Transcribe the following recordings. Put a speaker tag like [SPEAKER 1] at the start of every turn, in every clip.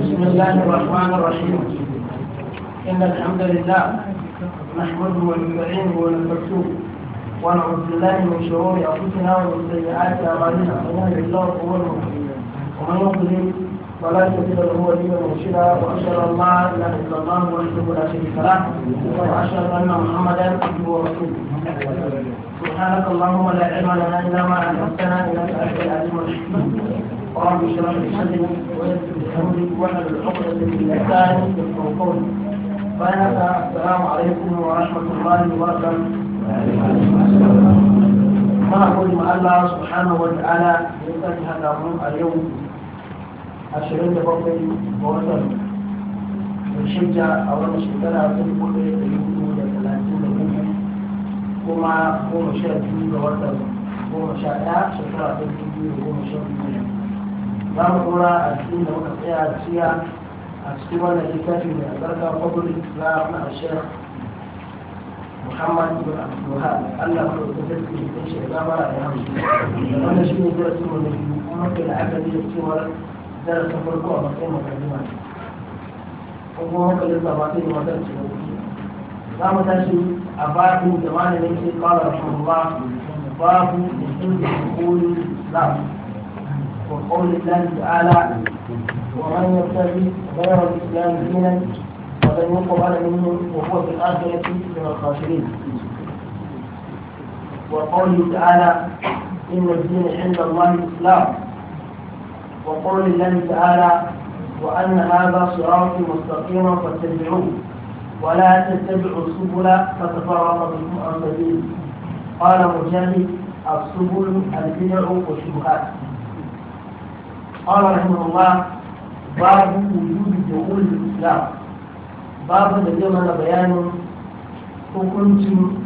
[SPEAKER 1] بسم الله الرحمن الرحيم إن الحمد لله نحمده ونستعينه ونستغفره ونعوذ بالله من شرور أنفسنا ومن سيئات أعمالنا من يهده الله فهو المهتدي ومن يضلل فلا تجد له وليا مرشدا وأشهد أن لا إله إلا الله وحده لا شريك له وأشهد أن محمدا عبده ورسوله سبحانك اللهم لا علم لنا إلا ما علمتنا إنك أنت العليم الحكيم رب اشرح لي صدري ويسر الحمد وحد الحفظ باللسان والقول السلام عليكم ورحمة الله وبركاته ونقول مع الله سبحانه وتعالى يسأل هذا اليوم عشرين بقي ووصل الشجع أو المشكلة تنقل بقي اليوم ثلاثين كما هو مشاهد في ووصل هو مشاهد شكرا تنقل هو مشاهد za mu dora a cikin da muka tsaya a ciya a cikin wannan littafi mai albarka kwakwari islam na shekh muhammad ibn abdulhad allah ko da ta zai yi shi da gabara da hamdu wannan ne darasin su wani biyu kuma kai da aka cewar zara ta farko a matsayin mukaddima kuma da zama sai mu wata ce za mu tashi a babin da malamin ke kawar rahimahullah babu da inda hukumin islam وقول الله تعالى ومن يبتغي غير الاسلام دينا فلن يقبل منه وهو في الاخره من الخاسرين وقوله تعالى ان الدين عند الله الاسلام وقول الله تعالى وان هذا صراطي مستقيما فاتبعوه ولا تتبعوا السبل فتفرق بكم عن سبيله قال مجاهد السبل البدع والشبهات قال رحمه الله باب وجود دخول الإسلام باب da zai mana bayanin hukuncin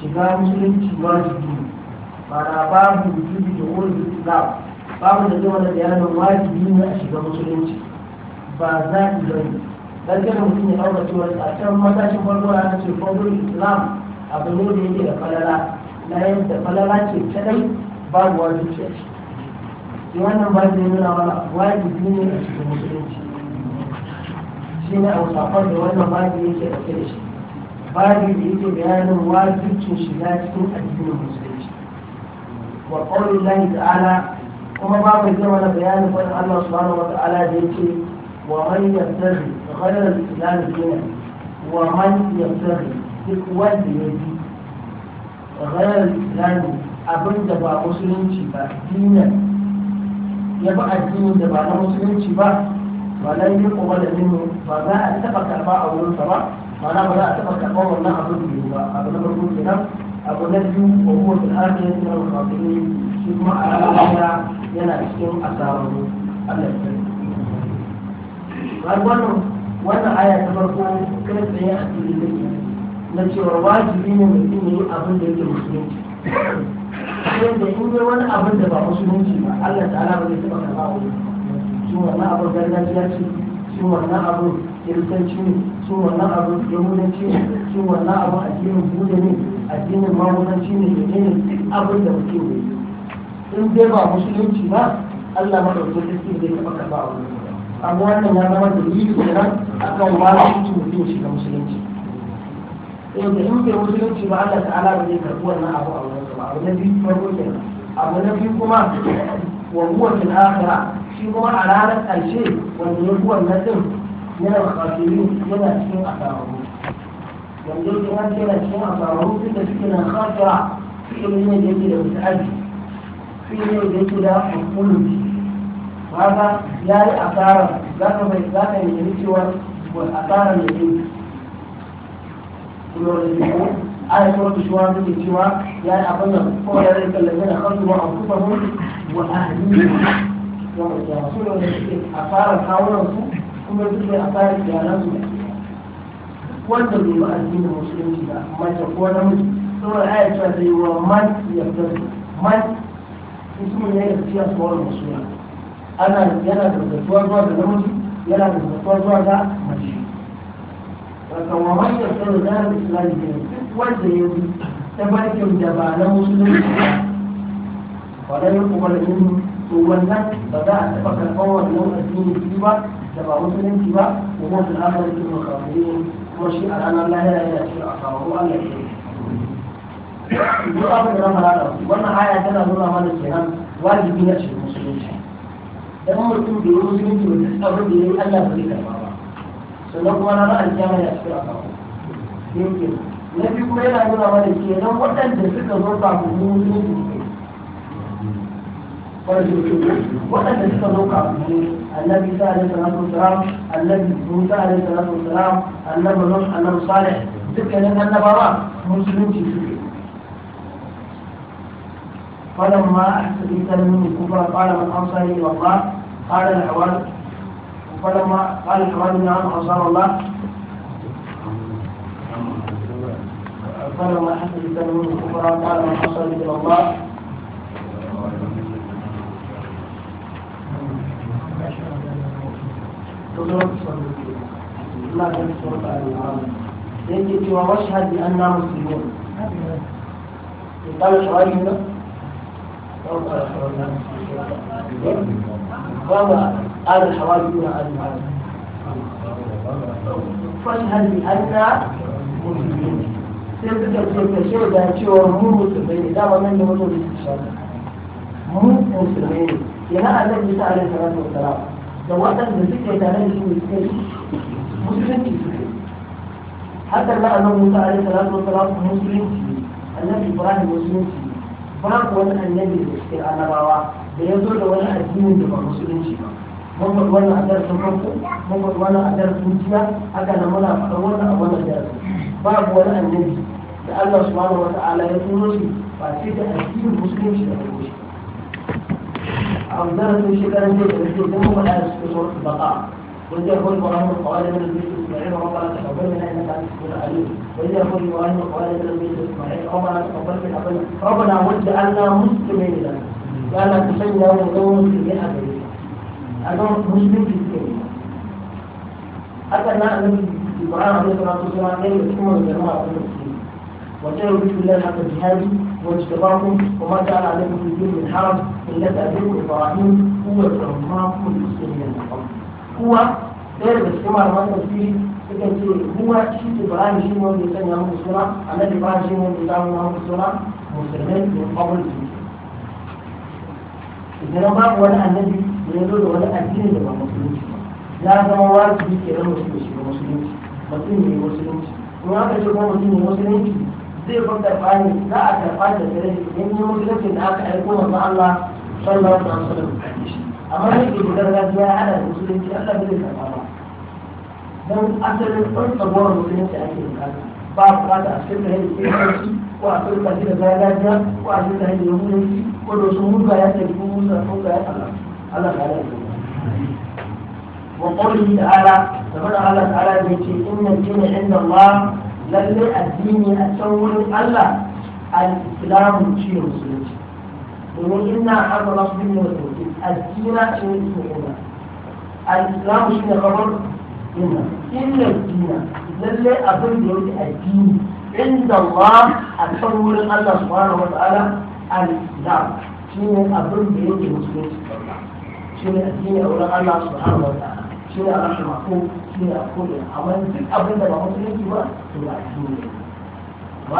[SPEAKER 1] shiga musulunci wajibi mana babu wujubi da wurin islam babu da zai mana bayanin wajibi ne a shiga musulunci ba za ki gani dan kada mutum ya dauka cewa a can matashin farko ya ce farko islam abu ne da yake da falala na yadda falala ce kadai babu wajibi a shi sai wannan ba zai nuna mana wajibi ne a cikin musulunci shi ne a wasafar da wannan babi yake ɗauke da shi babi da yake bayanin wajibcin shiga cikin addinin musulunci wa ƙaunin lahi ta'ala kuma babu zai mana bayanin wani allah subhanahu wa ta'ala da yake wa man yartari غير الإسلام دينا ومن يرتغي duk wanda ya bi غير الإسلام abin da ba musulunci ba dinan ya bi addinin da ba na musulunci ba ba na yi kuma da minhu ba za a taɓa karɓa a wurinsa ba ba na ba za a taɓa karɓa wannan abin da ba abu na farko kenan abu na biyu wa kuma fil akhirah min al khasirin shi kuma a ranar yana cikin asararu Allah ya har wannan wannan aya ta farko kai tsaye a cikin na cewa wajibi ne mutum ya yi abin da yake musulunci yadda in dai wani abin da ba musulunci ba Allah ta'ala ba zai taɓa karɓa wani shi wannan abin gargajiya ce shi wannan abin kiristanci ne shi wannan abin yahudanci ne shi wannan abin addinin buda ne addinin magudanci ne da ne abin da muke yi in dai ba musulunci ba Allah maɗaukakin sarki zai taɓa karɓa wani amma wannan ya zama dalili a kan wani mutum shiga musulunci. Yanzu in bai musulunci ba Allah ta'ala ba zai karɓi wannan abu a wurin abu na biyu farko kenan abu na biyu kuma wa huwa fil akhirah shi kuma a ranar ƙarshe wanda ya kuwa na ɗin yana khasirin yana cikin asararu wanda yake na yana cikin asararu duk da suke na khasira fi'il ne da yake da muta'addi fi'il ne da yake da hukunci kaga ya yi asara za ka bai za ka yi cewa asara ne ne kuma da آية سورة الشوارع في الشوارع يا أبدا هو ذلك الذين خرجوا أنفسهم وأهليهم ne. A سورة kawunan حاولهم kuma duk da asara iyalan su wanda bai ba addinin musulunci ba mace ko namiji saboda ayat ta zai wa man yarda man ismu ne da fiya tsawon musulma ana yana da zatuwa zuwa da namiji yana da zatuwa zuwa da mace wata wa man yarda da zarar ne wanda ya yi ta bakin da ba na musulunci ba wadda ya kuma da yin to wannan ba za a taɓa karɓar wannan addini shi ba da ba musulunci ba ko kuma da aka yi kuma kafirin kuma shi a ranar lahira yana cikin a kawo Allah ya yi. Duk abin da na fara wannan aya tana nuna mana kenan wajibi na cikin musulunci. Dan mutum da ya musulunci ba ta abin da ya yi Allah ba zai karɓa ba. Sannan kuma na ra'ayi ya cikin a kawo. Yankin na biyu kuma yana nuna mana kenan waɗanda suka zo kafin mu ne waɗanda suka zo kafin mu annabi isa alaihi salatu wasalam annabi musa alaihi salatu wasalam annabi nuh annabi salih dukkanin annabawa musulunci suke فلما أحسن من الكفر قال من أنصاري إلى الله قال الحوار فلما قال الحوار بن عمرو أنصار الله قال ما حسب التنوين الكفراء قال ما حصل الى الله ما كان الشرطة العالم يجب واشهد بأننا مسلمون قال شعيب هنا قال قال قال قال قال قال قال قال قال قال قال قال قال قال قال قال قال قال آل قال آل العالم فاشهد بأننا مسلمون sai suka ce ka shaida cewa mu musulmai ne dama nan da wani wani su shaida mu musulmai ne yana annabi isa alaihi salatu wasalam da waɗanda suke tare da shi ne suke musulunci suke haka na annabi isa alaihi salatu wasalam musulunci annabi ibrahim musulunci ne babu wani annabi da suke annabawa da ya zo da wani addinin da ba musulunci ba mun faɗi wannan a darasin farko mun faɗi wannan a darasin jiya haka nan muna faɗa wannan a wannan darasin babu wani annabi الله سبحانه وتعالى wata'ala ya turo shi أكيد sai da addinin لك أنا ya shi a darasin shekarar da ya ce dan يا اخوان ابراهيم القوالة من البيت اسماعيل ربنا تقبل منا انك انت السميع العليم قلت يا اخوان ابراهيم القوالة من البيت اسماعيل ربنا تقبل منا ربنا واجعلنا مسلمين لك ولا تسلم وقوم في احد أنا مسلم في الدنيا حتى أن في إبراهيم عليه الصلاة والسلام كان يسمى الجماعة وكانوا بسم الله حق الجهاد واجتباكم وما كان عليكم في الدين من حرج الا تأذيكم ابراهيم هو تهمكم المسلمين من هو غير بس كما رمضان في سكن هو شيء ابراهيم شيء اللي يسمى يوم الصلاة على ابراهيم شيء مهم يسمى يوم الصلاة مسلمين من قبل الدين. إذا ما هو النبي يدل ولا الدين اللي هو مسلم. لا زما واجب يكرم مسلم مسلم. مسلم مسلم. وهذا يقول مسلم مسلم. zai ban karɓa ne za a karɓa da gare shi in yi musulunci da aka aiko manzo Allah sallallahu alaihi wasallam amma ne ke gargajiya ya hada da musulunci Allah bai karɓa ba dan asalin farko gora musulunci ake bukata ba bukata a cikin da yake ko a cikin da yake gargajiya ko a cikin da yake musulunci ko da su mutuwa ya tafi musa ko ga ya Allah Allah ya yi وقوله تعالى فمن الله تعالى يقول إن الدين عند الله lalle addini a can wurin Allah al-islamu shi ne musulunci domin inna arba na su bin da sauki addina shi ne su ina al-islamu shi ne kamar ina inna addina lalle abin da yake addini inda Allah a can wurin Allah subhanahu wa ta'ala al-islam shi ne abin da yake musulunci shi ne addini a wurin Allah subhanahu wa ta'ala shi ne a mako shi ne a ko'ina amma duk abin da ba musulunci ba to ba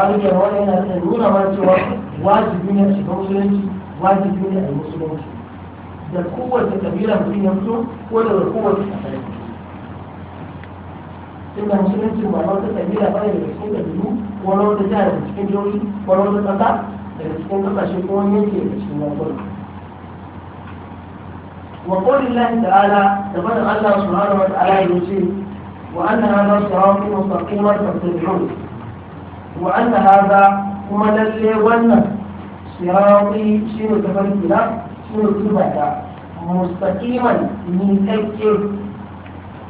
[SPEAKER 1] a ne wani ke wani yana da nuna ma cewa wajibi ne a shiga musulunci wajibi ne a musulunci da kowace kabila mutum ya fito ko da kowace kasar tunda musulunci ba wata kabila ba ne daga cikin kabilu ko na wata jihar daga cikin jihohi ko na wata kasa daga cikin kasashe ko wani yanki daga cikin yankunan وقول الله تعالى تبدأ الله سبحانه وتعالى يوسف وأن هذا صراطي مستقيما فاتبعوه وأن هذا هو الذي ون صراطي شنو تفرقنا شنو تفرق مستقيما من تكير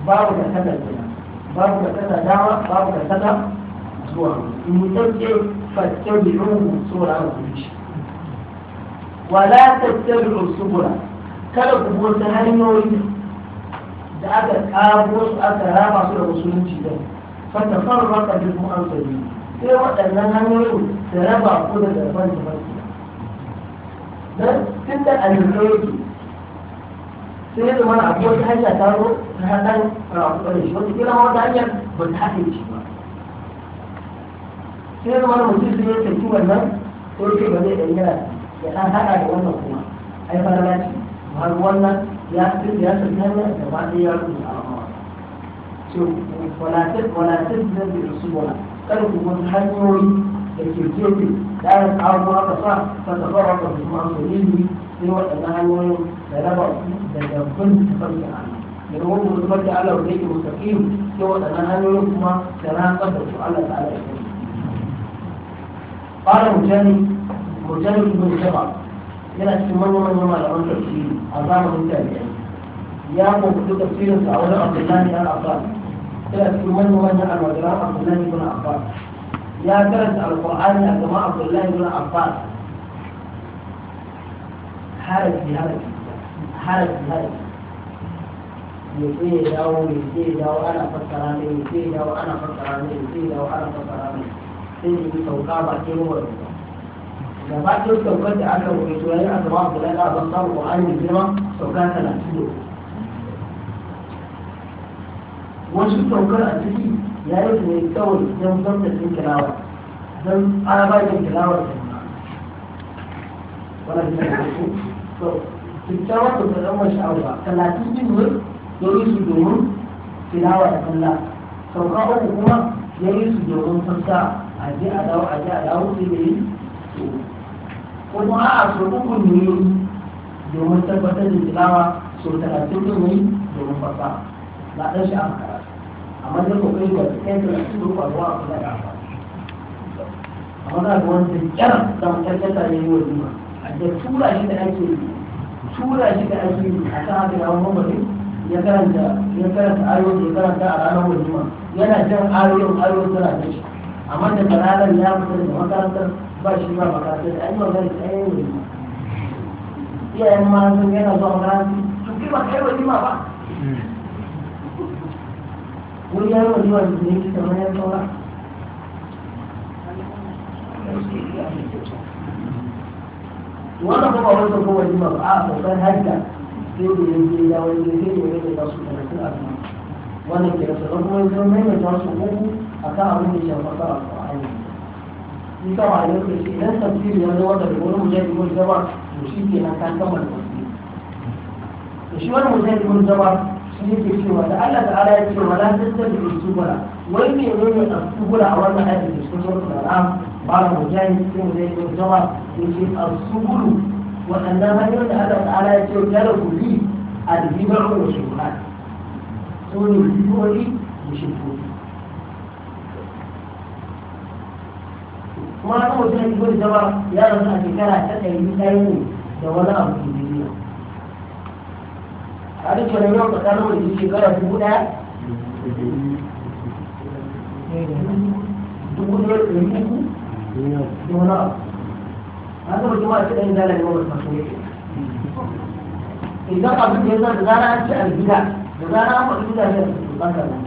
[SPEAKER 1] باب كذا باب كذا دعوة باب كذا زوار من تكير فاتبعوه سورة ولا تتبعوا سبلا kada ku bi wasu hanyoyi da aka kabo su aka raba su da musulunci da fata farraka bi kuma an sabi sai waɗannan hanyoyi da raba ku da daban da farki dan tun da alimta yake sai da wani abu ta hanyar ta zo ta haɗar rafuwa da shi wata kira wata hanyar ba ta haɗe shi ba sai da wani mutum sun yi tafi wannan ko yake ba zai ɗan yana ya ɗan haɗa da wannan kuma ai fara lafiya har wannan ya fi ya fi nama da ba da ya rubuta a mawa ce walatin walatin da bi usula kar ku mun hanyoyi da ke gefe da ya kawo aka sa ta tabara ka su ma su yi sai waɗannan hanyoyin da raba ku da dabbun tafarki Allah da ruwan mu tafarki Allah da yake mustaqim sai waɗannan hanyoyin kuma da na tsaka su Allah ta'ala ya kai. Fara mujani mujani bin jama'a yana cikin manyan manyan malaman tafsiri a zamanin tabi'ai ya kokuta tafsirin sa a wajen abdullahi dan abbas yana cikin manyan manyan almajiran abdullahi ibn abbas ya karanta alqur'ani a gaban abdullahi ibn abbas harafi harafi harafi harafi ya ce ya dawo ya ce ya dawo ana fassara ne ya ce ya dawo ana fassara ne ya ce ya dawo ana fassara ne sai ya yi sauka ba ke ruwa gaba ɗin saukar da aka rubuta su yayin aka ba Abdullahi da ban samu ko Qur'ani mai girma sauka talatin da wasu saukar a ciki yayin da ne kawai don zamtacin kilawa don arabajin kilawa da kuma wani da su to kyakkyawa da ta zama sha'awa talatin din ne ya yi su domin kilawa da kalla sauka uku kuma ya yi su domin fasa a je a dawo a je a dawo sai da yi kuma a so uku ne domin tabbatar da tilawa so talatin da ne domin fasa na ɗan shi a karatu amma da kuma kai wata kai da su duk kwazo a kula da ba amma da wani da kyar da mutarkata ne yi wa a da tura shi da ake tura shi da ake a ta haka wani mamarin ya karanta ya karanta ayoyi ya karanta a ranar wajima yana jan ayoyin ayoyin suna da shi amma da kanalar ya fita da makarantar bashi ba bukatu da ainihin zai tsaye ne iyayen ma sun yana zuwa ran su bi ba kai walima ba wani yayin walima da ne ki kamar yan saura wannan kuma wani kuma walima ba a kokar hajja sai da yanzu ya wani ne sai da yanzu ya su da rasu a wannan kira sannan kuma yanzu mai mai tasu uku a kan abin da shafa a shi sa ba yau shi idan tafsiri ya zama daga wani mujahid mun zama to shi ke na kan kamar tafsiri to shi wani mujahid mun zama shi yake cewa da Allah ta'ala ya ce wala tattabi subula wai me ne ne subula a wannan ayatin da sun zama da ram ba da mujahid sai mujahid mun zama yake subulu waɗannan hanyoyin da Allah ta'ala ya ce kada ku bi a dibibar wa shubuhat so ne bidiyoyi da shubuhat kuma wani mutum ya shigo da ya rasu a shekara ta ɗari yi ne da wani abu ke duniya a duk wani yau tsakanin mu da shekara dubu ɗaya dubu ɗaya ɗari uku da wani abu an zama jama'a ta ɗari dala ne wani masu yake idan abin da ya zara da zara an ci algida da zara an faɗi a cikin ɓangaren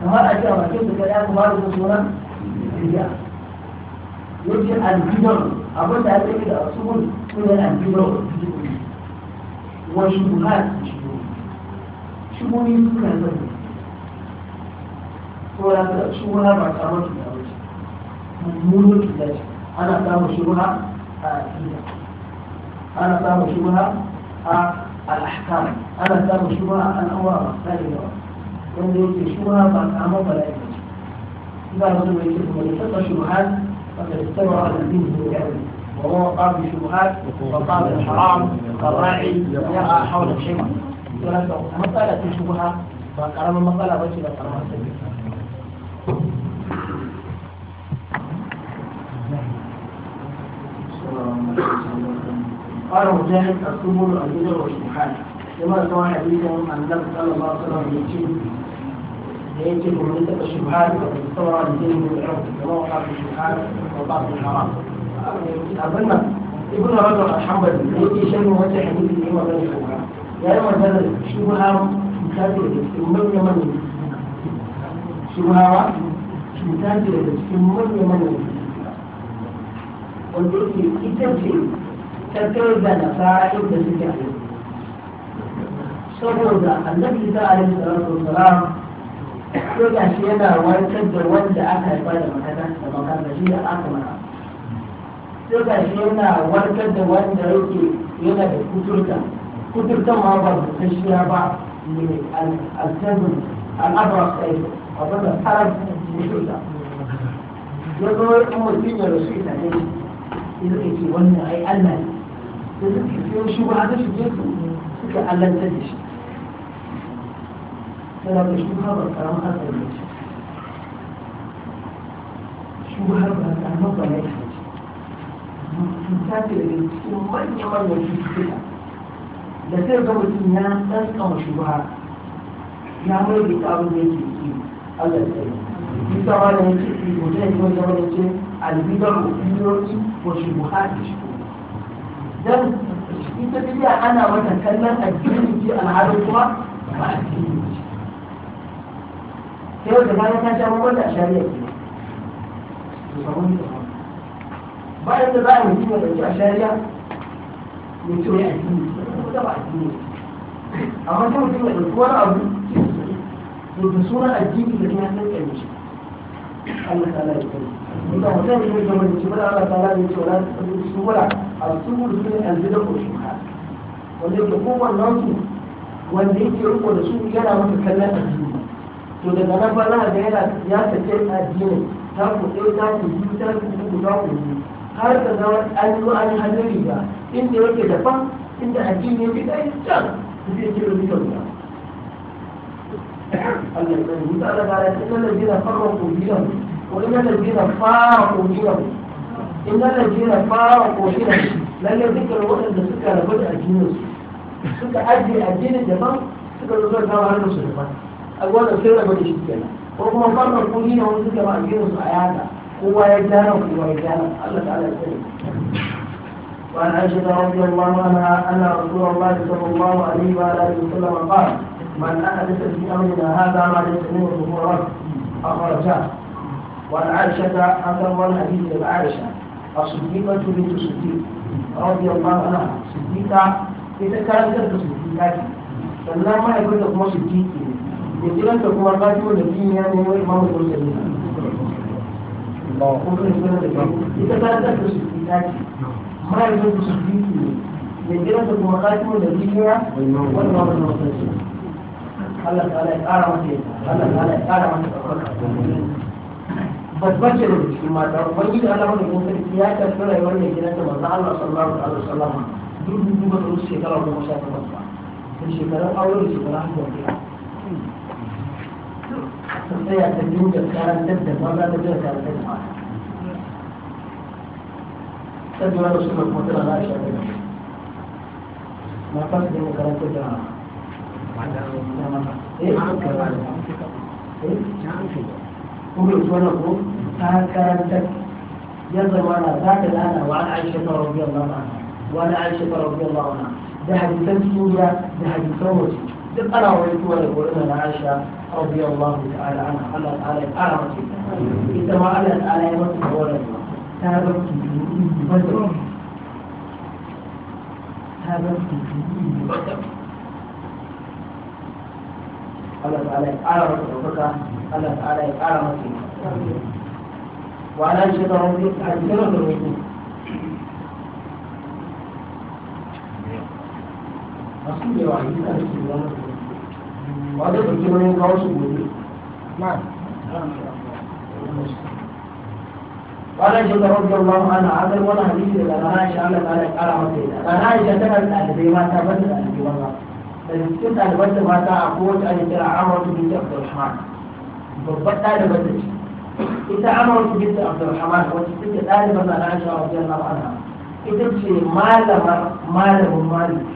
[SPEAKER 1] kamar a ce a bakin su kuma da su sunan bidiya yake albidar abin da ake da asubun sune albidar wa bid'o'i wa shubuhat shubuhi suka zama ko ya ta shubuha ba kamar ta wuce mummunan kila ce ana samun shubuha a aqida ana samun shubuha a al-ahkam ana samun shubuha a al-awra ba sai da wanda yake shubuha ba kamar bala'i ba ba su ne ke kuma da shubuhat فقد استمر منه العلم وهو قام بشبهات وقام الحرام الراعي يرعى حول الحمى مسألة الشبهة فقرم مسألة رجل قرم قال مجاهد السبل البدع والشبهات كما روى حديثهم عن النبي صلى الله عليه وسلم da yake domin taɓa shubhat da ke saura da ke yin da kuma wa shubhat da ba su haram abin nan ibn rajab al-hanbali da yake shan wata hadisi ne wannan shubha ya yi magana shubha cuta ce da cikin manya manyan shubhawa cuta ce da cikin manya manyan wanda yake ita ce ta kai ga nasara inda suke a yau saboda annabi ta alaihi salatu wasalam sai ga shi yana warkar da wanda aka haifa da makanansa ba kan shi da aka mara sai ga shi yana warkar da wanda yake yana da kuturta kuturtan ma ba da kashiya ba mai al'adun al'adun sai abin da tsarar kuturta ya zo in mutum ya rasu ita ne ita ce wannan ai Allah ne da suke shi ba ta shige su suka allantar da shi ترى شبهة والكلام هذا شبهة والكلام هذا لا يحتاج ممتاز ومن يمر بالشبهة da sai ga mutum ya tsantsan shubha ya mai da abin da yake yi Allah ya tsaye bisa ma da yake yi mutum ya kuma zama yake albidar rufiyoyi ko shubha da shi dan ita bidiya ana mata kallon addini ce alhalin kuma ba addini ce sai wanda ta sha da a shari'a ke ba da za a mutum ya ɗauki a shari'a ya ce addini ba addini amma sai mutum ya ɗauki wani abu da sunan addini da kuma sun ƙarfi Allah ta lafi inda mutum ya Allah ta lafi su a su ko shi wanda yake kowannan wanda da su yana masa kallon addini to daga nan ba za a ga yana ya sake addinin ta ku ɗaya ta ku biyu ta ku uku ta ku biyu har ka zama an wa an riga inda yake daban inda addini yake yi can zai ce da duka ba. Allah ya da biyan ko ko biyan fara biyan dukkan waɗanda suka rabu da addininsu suka ajiye addinin daban suka zo zai kama daban أقول sai raba da shi kenan ko kuma farkon kuni ne wani suka ba هو يجانا الله تعالى yada kowa ya gyara وعن عائشة رضي الله عنها أن رسول الله صلى الله عليه وآله وسلم قال من أحدث في أمرنا هذا ما ليس منه فهو رد أخرجاه وعن عائشة أن روى الحديث إلى عائشة الصديقة بنت الصديق رضي الله عنها صديقة إذا كانت صديقة فلما يكون لكم صديقة hijiransa kuma rafi da shi ya nemo imamu musulmi kuma hijiran da kyau ita ta ta su shi ta ce mahaifin su shi ne hijiransa kuma rafi da shi ya wani imamu musulmi Allah ta'ala ya ƙara Allah ta'ala ya ƙara masa ɗaukaka tabbace da cikin mata wani da Allah mai sarki ya tafi rayuwar mai gidan da manzo Allah sallallahu alaihi wasallam duk duk ba su shekara goma sha takwas ba shekarar aure da shekarar hajjar شخصية تتوجد كانت تبدأ مرة تبدأ كانت تبدأ تبدو أن رسولك مثل غاشة ما قصد أنه كانت تبدأ إيه؟ قلت ونقول هكذا يظهر على إيه؟ ذات الآن وعن عائشة رضي الله عنها وعن عائشة رضي الله عنها ده حديثا سوريا ده حديثا وسوريا duk ana waituwa da gurin na Aisha radiyallahu ta'ala anha Allah ta'ala ya kara mata ita ma Allah ta'ala ya mata wannan ta ga kiki ba ta ga kiki ba Allah ta'ala ya kara mata dokaka Allah ta'ala ya kara mata وعن عائشة رضي الله عنها رسول الله عليه وسلم ba zai ɗauki nauyin kawo su gobe na'am
[SPEAKER 2] wannan shi da rabbi Allah ana azar wani
[SPEAKER 1] hadisi daga rana shi Allah ta da kara masa ita rana shi ta kan dalibai mata ban da dalibai maza da cikin dalibai da mata a kowace ake kira Amadu bin Abdulrahman babban dalibai da ce ita Amadu bin Abdulrahman wacce take dalibai na Aisha radiyallahu anha ita ce malamar malamin Malik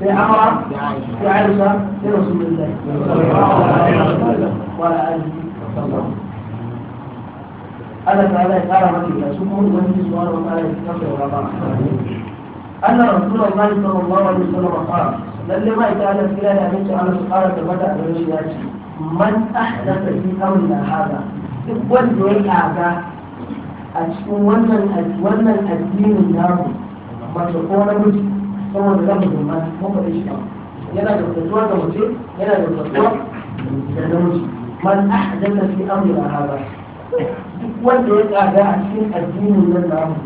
[SPEAKER 1] في عمر في عائشة في رسول الله صلى الله عليه وسلم وعلى آله قال تعالى تعالى رضي الله سبحانه وتعالى سبحانه وتعالى سبحانه وتعالى سبحانه وتعالى أن رسول الله صلى الله عليه وسلم قال لما لم يتعالى في الله أنت أنا سؤالة بدأ برشياتي من أحدث في أولنا هذا إبوان دوين أعداء أتكون ونن أدين النار ما تقول مجد saboda zan domin mun faɗi shi yana da fatuwa da mace yana da fatuwa da namiji man ahdatha fi amrina haɗa. duk wanda ya tsada ah, ah, a cikin addinin nan mu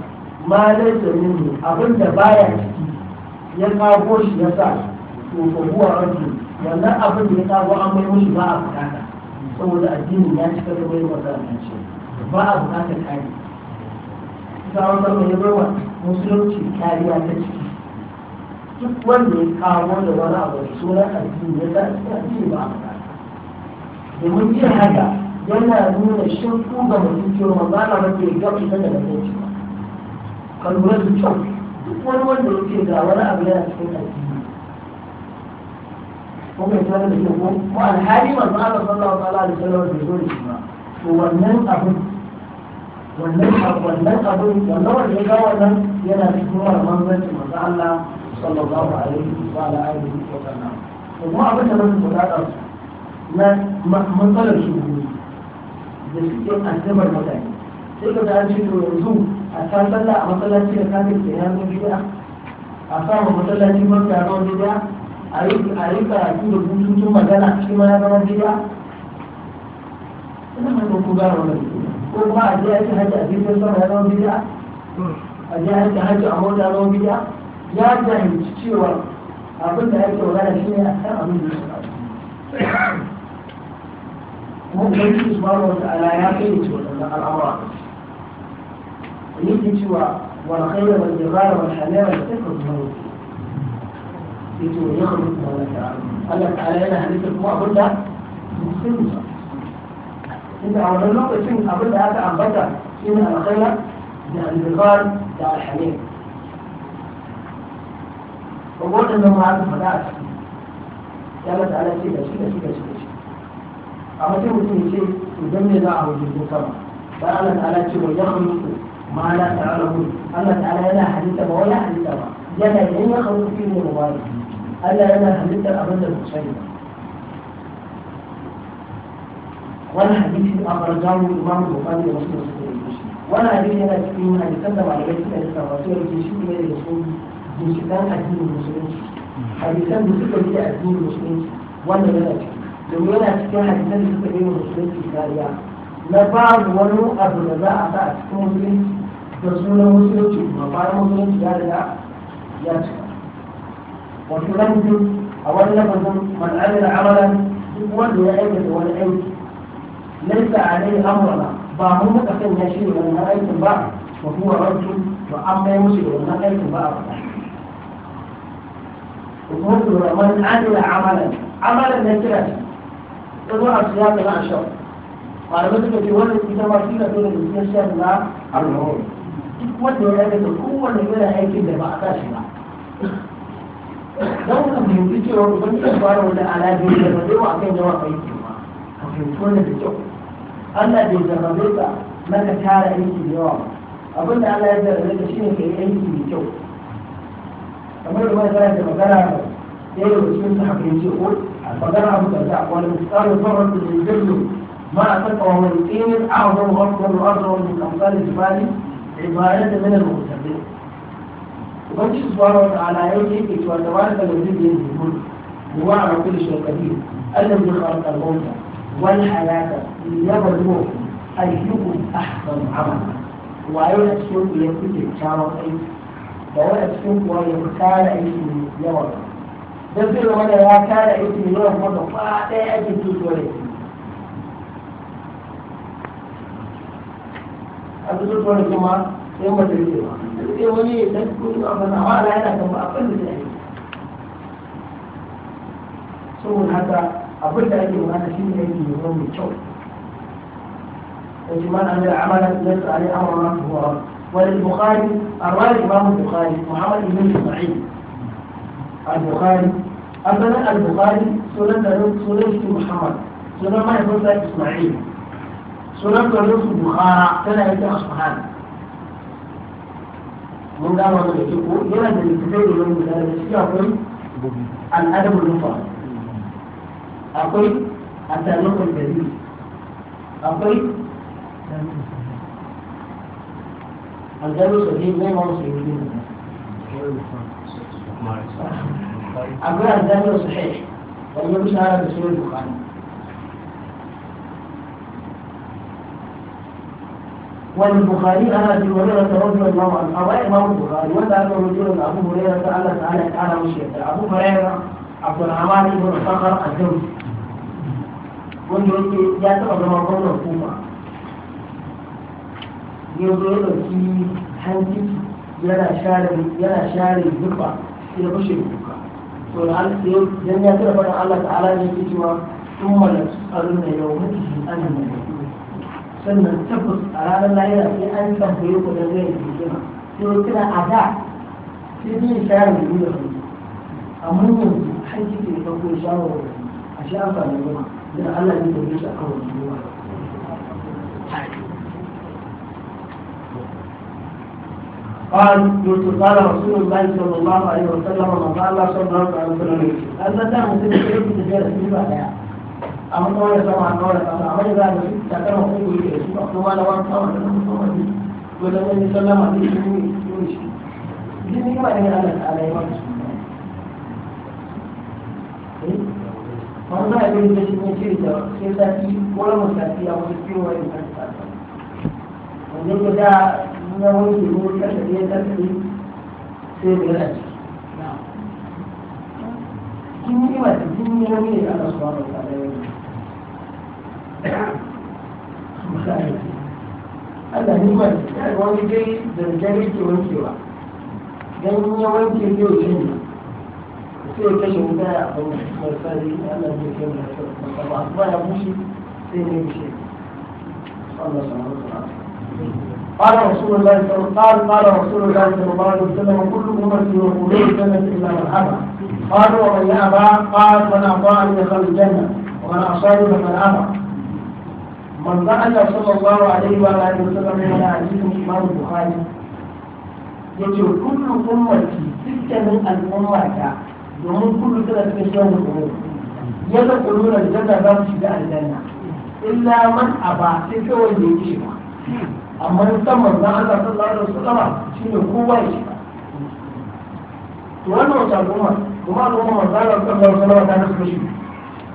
[SPEAKER 1] ma laysa minhu abinda baya ciki ya kawo shi ya sa to ko huwa wannan abin da ya kawo an mai mushi ba a bukata saboda addinin ya cika da bai wanda ce ba a bukatar kare ta ya mai musulunci kariya ta ciki duk wanda ya kawo da wani abu da sunan addini ya san addini ba a domin yin haka yana nuna shirku ga mutum cewa magana mafi gaba ita daga mutunci ba ka lura da kyau duk wani wanda ya ce ga wani abu yana cikin addini ko mai tsara da kyau ko alhali manzo Allah sallallahu alaihi wasallam bai zo da shi ba to wannan abin wannan abin wannan abin wannan wanda ya ga wannan yana cikin wannan manzon manzo Allah صلى الله عليه وعلى آله وسلم وما عبدنا من فتاة أرسل ما مطلب شبهوني بسيطة أسلمر مطلب سيكا تعالى شكرا ويزوم أسال فلا مطلب سيكا كامل سيهان من جدا أسال ما مطلب سيكا من جدا جدا أريد أريد أكون بوجود ثم جانا كما يبقى من جدا أنا ما يمكن أن أقول كل ما أجيئك هذا أبيت الصمع يبقى من جدا أجيئك هذا أمور يبقى من جدا ya fahimci cewa abin da ake magana shi ne a kan abin da ya faru kuma ubangiji subhanahu wata'ala ya kai ce wannan al'amura yake cewa wal khayra wal jibala wal halala wal taqwa wal yake wa yakhluqu ma la ta'lamun Allah ta'ala yana halitta kuma abin da musulmi inda a wannan lokacin abin da aka ambata shine al khayra da al jibala da al halala ba ko waɗannan ma aka faɗa a ciki ya ga ta'ala ce da shi ga shi ga shi ga shi amma sai mutum ya ce to dan me za a hau jirgin sama dan Allah ta'ala ce wa ya khuluqu ma la ta'lamu Allah ta'ala yana halitta ba wala halitta ba yana yin ya khuluqu fi mawali Allah yana halitta abin da ba sani ba wani hadisi a farjawo imam bukari da wasu da suke da shi wani hadisi yana cikin hadisan da malamai suka ba su da shi ne da su ginshiƙan addinin musulunci hadisan da suka bi da addinin musulunci wanda yana ciki domin yana cikin hadisan da suka bi da musulunci kariya na babu wani abu da za a sa a cikin musulunci da sunan musulunci ba bayan musulunci ya riga ya cika wato lafazin a wani lafazin man amila amalan duk wanda ya aikata wani aiki laisa alai amrana ba mu muka sanya shi wannan aikin ba wa kuma rabbi to an bai musu da wannan aikin ba a faɗa انظر من عمل عملا عملا نكرة تضع الصيام العشر قال مثل في ولد إذا ما فينا دون الإنسان لا العمر wanda ya daga kowane irin aikin da ba a tashi ba don ka fahimci cewa ubangiji ba da wani alaƙi da ba zai wa kan yawa aiki ba ka fahimci wannan da kyau Allah bai zarrabe ka na ka tara aiki da yawa abin da Allah ya zarrabe ka shine ka yi aiki da kyau kamar da wani da magana ɗaya daga cikin su haka yace ko magana abu da za wani misalin sauran da zai jirgin ma a saka wa wani tsinin ahun wakon arzu wani kamfani jimali ibarar da minar mutabi ubangiji subhanahu wa ta'ala ya yi yake cewa da wani da zai yi zuhur ruwa a kullu shekari allah bai khalaqa al-mauta wal hayata liyabluwakum ayyukum ahsanu amala wa yau da cikin ku ya kuke kyawun aiki da wani cikin kuwa ya kare aiki mai yawa don zai zama da ya kare aiki mai yawa kuma gaba ɗaya ake tutuwa da shi a tutuwa da kuma sai mace ce ba sai wani ya ɗan kuɗi a fana ala yana a abin da zai saboda haka abin da ake bukata shi ne aiki mai kyau da shi ma na da amalan da su a ne amurwa su وللبخاري الراوي الإمام البخاري محمد بن إسماعيل البخاري أبدا البخاري سنن داود سنن محمد سنن ما يقول إسماعيل سنن داود بخارى سنة يتي أصفهان من قام هذا الشيء يلا من الكتاب يوم هذا الشيء أقول الأدب المفرد أقول التألق الجديد أقول أندلس قديم زي ما هو سيدين أقول أندلس صحيح والله مش عارف بسوي البخاري والبخاري أنا في هريرة رضي الله عنه أو إمام البخاري وسأل رجل أبو هريرة تعالى تعالى تعالى وشيخ أبو هريرة عبد الرحمن بن صخر الدوسي wanda yake ya taɓa zama gwamnan kufa ya zo ya ɗauki hanci yana share yana share zuba ya fashe kuka to dan ya tura faɗin Allah ta'ala ne yake cewa sun malaka tsarin da yau an sannan tabbas a ranar lahira sai an tambaye ku dan zai yi kima sai kina a da sai dai share da duniya amma yanzu har kike da ko shawarwari a shi an gama dan Allah ne da yake akan wannan قال قلت قال رسول الله صلى الله عليه وسلم من قال الله صلى الله عليه وسلم هل بدا مسلم يجب تجارة سيبا أما طوال سمع قولة أما إذا نسيت تكرم قوله يسوع طوال وان طوال لهم طوال ولا من يسلم عليه يمشي جميع ما يقول الله تعالى يمشي والله يقول لك من شيء شيء ذاتي ولا مستحيل أو مستحيل ولا مستحيل ونقول ده in wani wanke ko kashe ne karfe sai da yana kin yi mata kin yi wani ne ana suwa da kwanar yau Allah ni ma wani dai da dare ke wankewa dan ya wanke yau shi sai kashe wuta a bauta marsari Allah zai kai mu da ba ba ya bushe sai ne bushe Allah subhanahu wa ta'ala قال رسول الله صلى الله عليه وسلم قال رسول الله صلى الله عليه وسلم كل امتي وقولوا الجنه الا من ابى قالوا ومن ابى قال من ابى ان الجنه ومن اصاب فمن ابى من ذهب صلى الله عليه وعلى اله وسلم الى عزيز الامام البخاري يجب كل امتي سته من الامه ومن كل سنه في الشام القبور يدخلون الجنه لا تشبع الجنه الا من ابى سته ويجيبها amma san manzan Allah sallallahu alaihi wasallama shine kowa ya shiga to wannan wata goma kuma al'umma manzan Allah sallallahu alaihi wasallama ta shi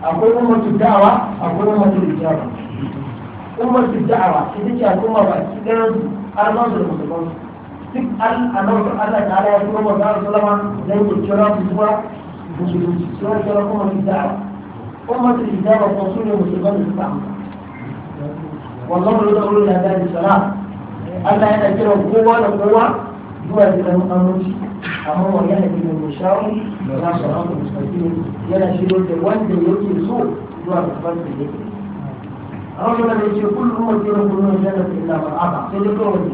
[SPEAKER 1] akwai ummatu da'awa akwai ummatu ijaba ummatu da'awa ita ya kuma ba shi da arman da musulman duk al'anar da Allah ta'ala ya kuma manzan Allah sallama zai yi kira su zuwa musulunci suna kira ummatu da'awa ummatu ijaba kuma su musulman da suka amsa والله يقول لي ذلك السلام ألا أن كده قوة لقوة هو يجب أن أمرش أما هو يلقي يعني من المشاور لا صلاة المستقيم يلقي شيء يلقي وانت يلقي سوء هو أكبر في ذلك رجل الذي يقول له أمر كده قلنا جنة إلا من أعطى صدقه ودي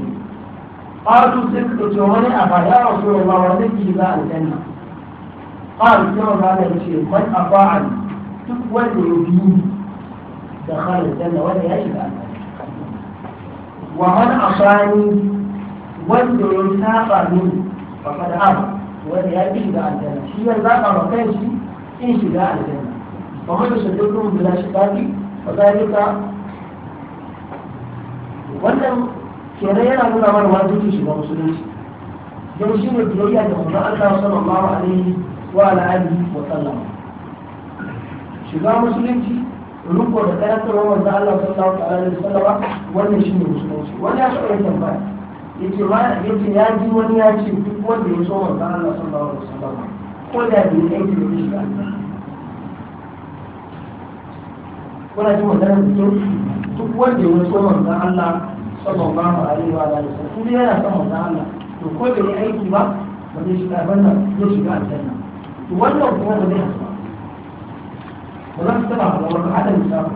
[SPEAKER 1] قال تصدق تجواني أبا يا رسول الله ونجي باء الجنة قال كما قال الشيء من أطاعني تقوى ويبيني دخل الجنة ولا يجب أن أطاعني wa man asani wanda ya saba min fa kad am wanda ya bi da aljanna shi ya zaba ma kai shi in shiga aljanna fa man yusaddiqu bila shaqati fa zalika wannan kenan yana nuna mana wajibi shiga musulunci Dan shi ne biyayya da manzon Allah sallallahu alaihi wa ala alihi wa sallam shiga musulunci riko da karantarwa manzon Allah sallallahu alaihi wa sallam wannan shi ne musulunci wani ya taɓa yin ba yace ma yace ya ji wani ya ce duk wanda ya so manzo Allah sallallahu alaihi wasallam ko da bai yi aiki da shi ba kuna ji magana da duk wanda ya so manzo Allah sallallahu alaihi wa alihi wasallam kuma yana son manzo Allah to ko da ya aiki ba ba zai shiga aljanna zai shiga aljanna to wannan kuma ba zai hasu ba ba za su taba ba wannan adam samu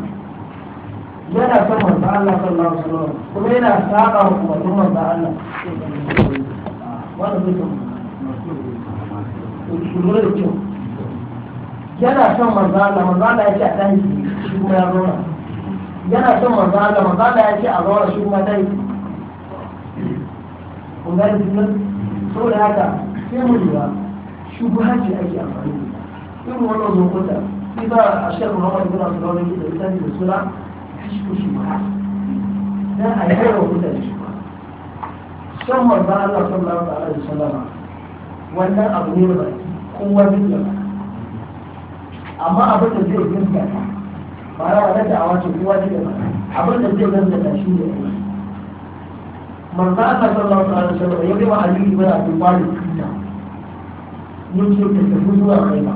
[SPEAKER 1] yana son manzo Allah sallallahu alaihi wasallam kuma yana saba wa umarnin manzo Allah wannan mutum shugura da kyau yana son manzo Allah manzo Allah a dan shi kuma ya zauna yana son manzo Allah manzo Allah ya a zauna shi kuma dai kun ga dinnan haka sai mu lura shugura ce ake amfani da irin wannan zokuta sai ba a shirin Muhammad bin Abdullah ne da ita da sura cikin shubha dan a yi wa mutane shubha sanwar ba Allah sallallahu alaihi wasallam wannan abu ne ba kowa duk da ba amma abin da zai gaskata ba ya wa da awa ce kowa duk da ba abin da zai gaskata shi ne manzo Allah sallallahu alaihi wasallam ya bai wa Ali ibn Abi Talib kinta yace ka tafi zuwa kai ba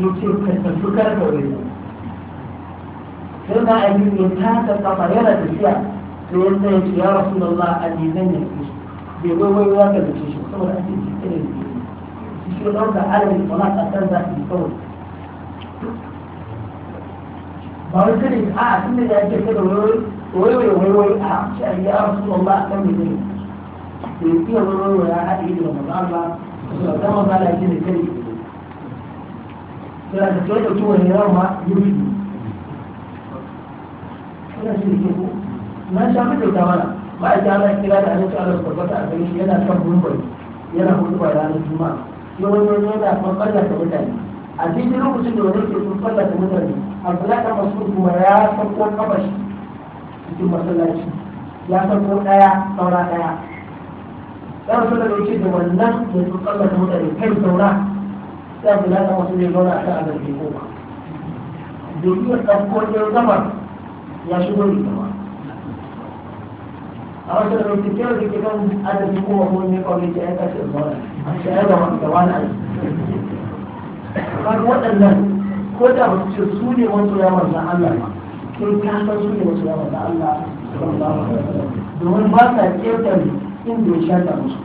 [SPEAKER 1] yace ka tafi karka wani سيدنا علي من هذا تطير الدنيا سيدنا يا رسول الله علي من يكش بيقول وي وي هذا الشيء شو صور أنت تكلم فيه شو لون ده على الصلاة أتلاقى في الصور بارسلي آه سيدنا يا كسر وي وي وي وي وي آه يا رسول الله كم يدري بيقول وي وي وي آه أدي له من الله سيدنا ما زال يجيني كذي سيدنا كذي وشو هي رما يبي suna shi da ko na sha mu kyauta mana ma'aikata ana kira da hannun Allah tabbata a gare shi yana kan bumbai yana hudu ba ranar juma'a yawan wani yana kan ɓallata mutane a cikin lokacin da wani ke sun ɓallata mutane a fulaka masu kuma ya san ko kabashi cikin masallaci ya san ko ɗaya saura ɗaya dan sun da yake da wannan da sun ɓallata mutane kai saura sai fulaka masu ne zauna a kan azarfi goma. Bai iya ɗauko ɗin zamar ya shigo da ita ba a wata rauki kyau da ke kan adadin kowa ko ne kawai ke aika shi da a shi aika wani da wani aiki kaga waɗannan ko da ba su ce su ne wasu ya manzan Allah ba kai ka san su ne wasu ya manzan Allah domin ba sa ƙetar inda ya shata musu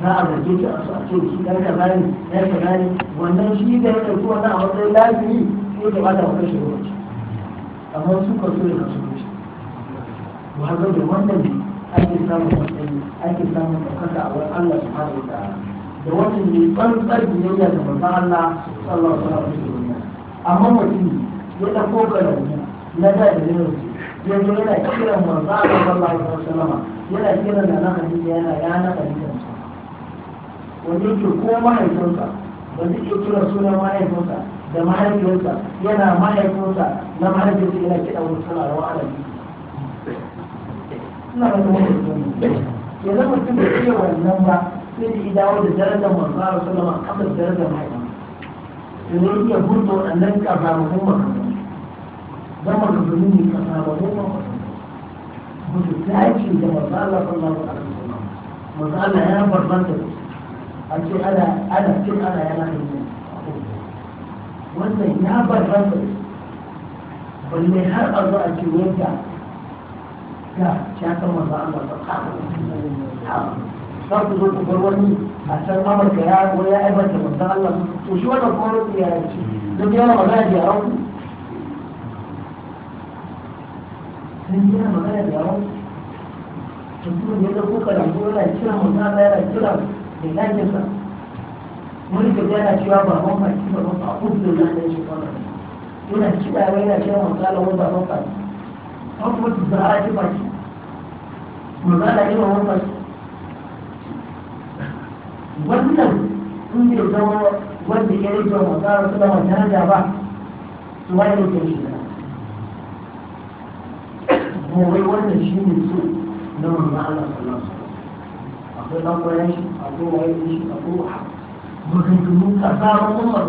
[SPEAKER 1] za a zarge shi a su a ce shi dan ka zani dan ka zani wannan shi da ya ɗauki wannan a matsayin lazimi ko ya ba ta wata shi lokaci amma su so ya kasu kuce haka da wannan ne ake samun matsayi ake samun ɗaukaka a wani Allah subhanahu wa ta'ala da wannan ne tsantsar biyayya da manzon Allah sallallahu alaihi wa sallam amma mutum ya ɗauko karatu na da da yau yanzu yana kiran manzon Allah sallallahu alaihi wa sallama yana kiran da na hadisi yana yana hadisin wanda yake ko mahaifinsa zai iya kira sunan mahaifinsa da mahaifiyarsa yana mahaifinsa na mahaifiyarsa yana kiɗa wani suna rawa ana bi suna rawa wani suna ya zama tun da iya wannan ba sai da idawo da darajar manzo a rasu lama kamar darajar mahaifin domin iya burta waɗannan ƙazamahun Zama don makamu ne ƙazamahun makamu mutu dace da manzo Allah sallallahu alaihi wasallam manzo Allah ya barbanta a ce ana ana cin ana yana hanyar wannan ya ba ta balle har a zo a ce wanda ga ya san manzo Allah ta kawo za ku zo ku bar wani a can amurka ya ko ya aibanta manzo Allah to shi wannan kuma rubu ya ce don yana magana da yaron ku don yana magana da yaron ku to kuma ne da da kuma yana kira manzo Allah yana kira da lafiyarsa Wani ga yana cewa baban baki baban a kudu da zai shi kwana yana cewa yana cewa manzala wani baban baki an kuma su zara ji baki manzala wannan in bai zama wanda ya rage wa manzala su da wannan ba su wani ne ke shi kowai shi ne su na manzala sallallahu alaihi wasallam akwai ɗan bayan shi akwai wayan shi akwai musulmi المنكر sabon umar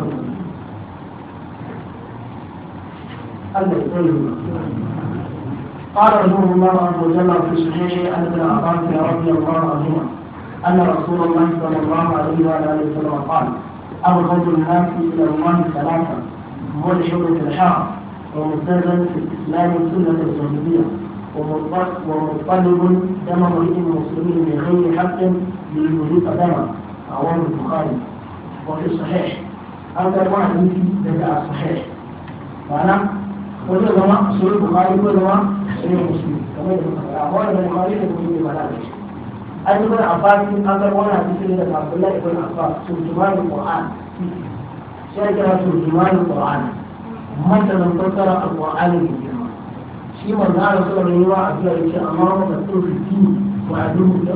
[SPEAKER 1] قال رسول الله عز وجل في صحيح ان ابن عباس رضي الله عنهما ان رسول الله صلى الله عليه وعلى اله وسلم قال ابغض الناس الى الله ثلاثه ملحد في الحرم ومستلزم في الاسلام سنه الجاهليه ومطلب دم امرئ مسلم غير حق ليذيق دمه رواه البخاري وفي الصحيح أو تربع حديثي دفع الصحيح معنى وده زمان سوري البخاري وده زمان سوري مسلم كما يقول أقوال من البخاري يقول لي بلا بشيء أن ابن عباس أن تربع حديثي دفع عبد الله ابن عباس ترجمان القرآن شركة ترجمان القرآن مثلا تقرأ القرآن الكريم shi wanda ana so da yawa a zuwa yake amma wanda so da dini wa a duhu da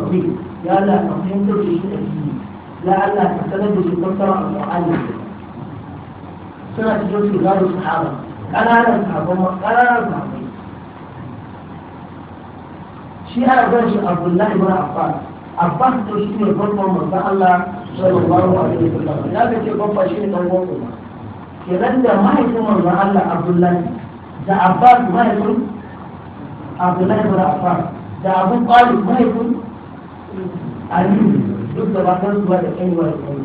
[SPEAKER 1] ya la a fahimtar da shi لأنها تستند بمفسر القرآن سنة جزء غير الصحابة أنا أنا الصحابة أنا أنا الصحابة شيء أنا عبد الله بن عباس عباس ده أن من بابا من الله صلى الله عليه وسلم لا بيجي ما شيء من بابا عبد الله mahaifin عباس ما Abdullahi عبد الله بن عباس bin Abbas da ما Talib عليم ضد الرقم والعين والعين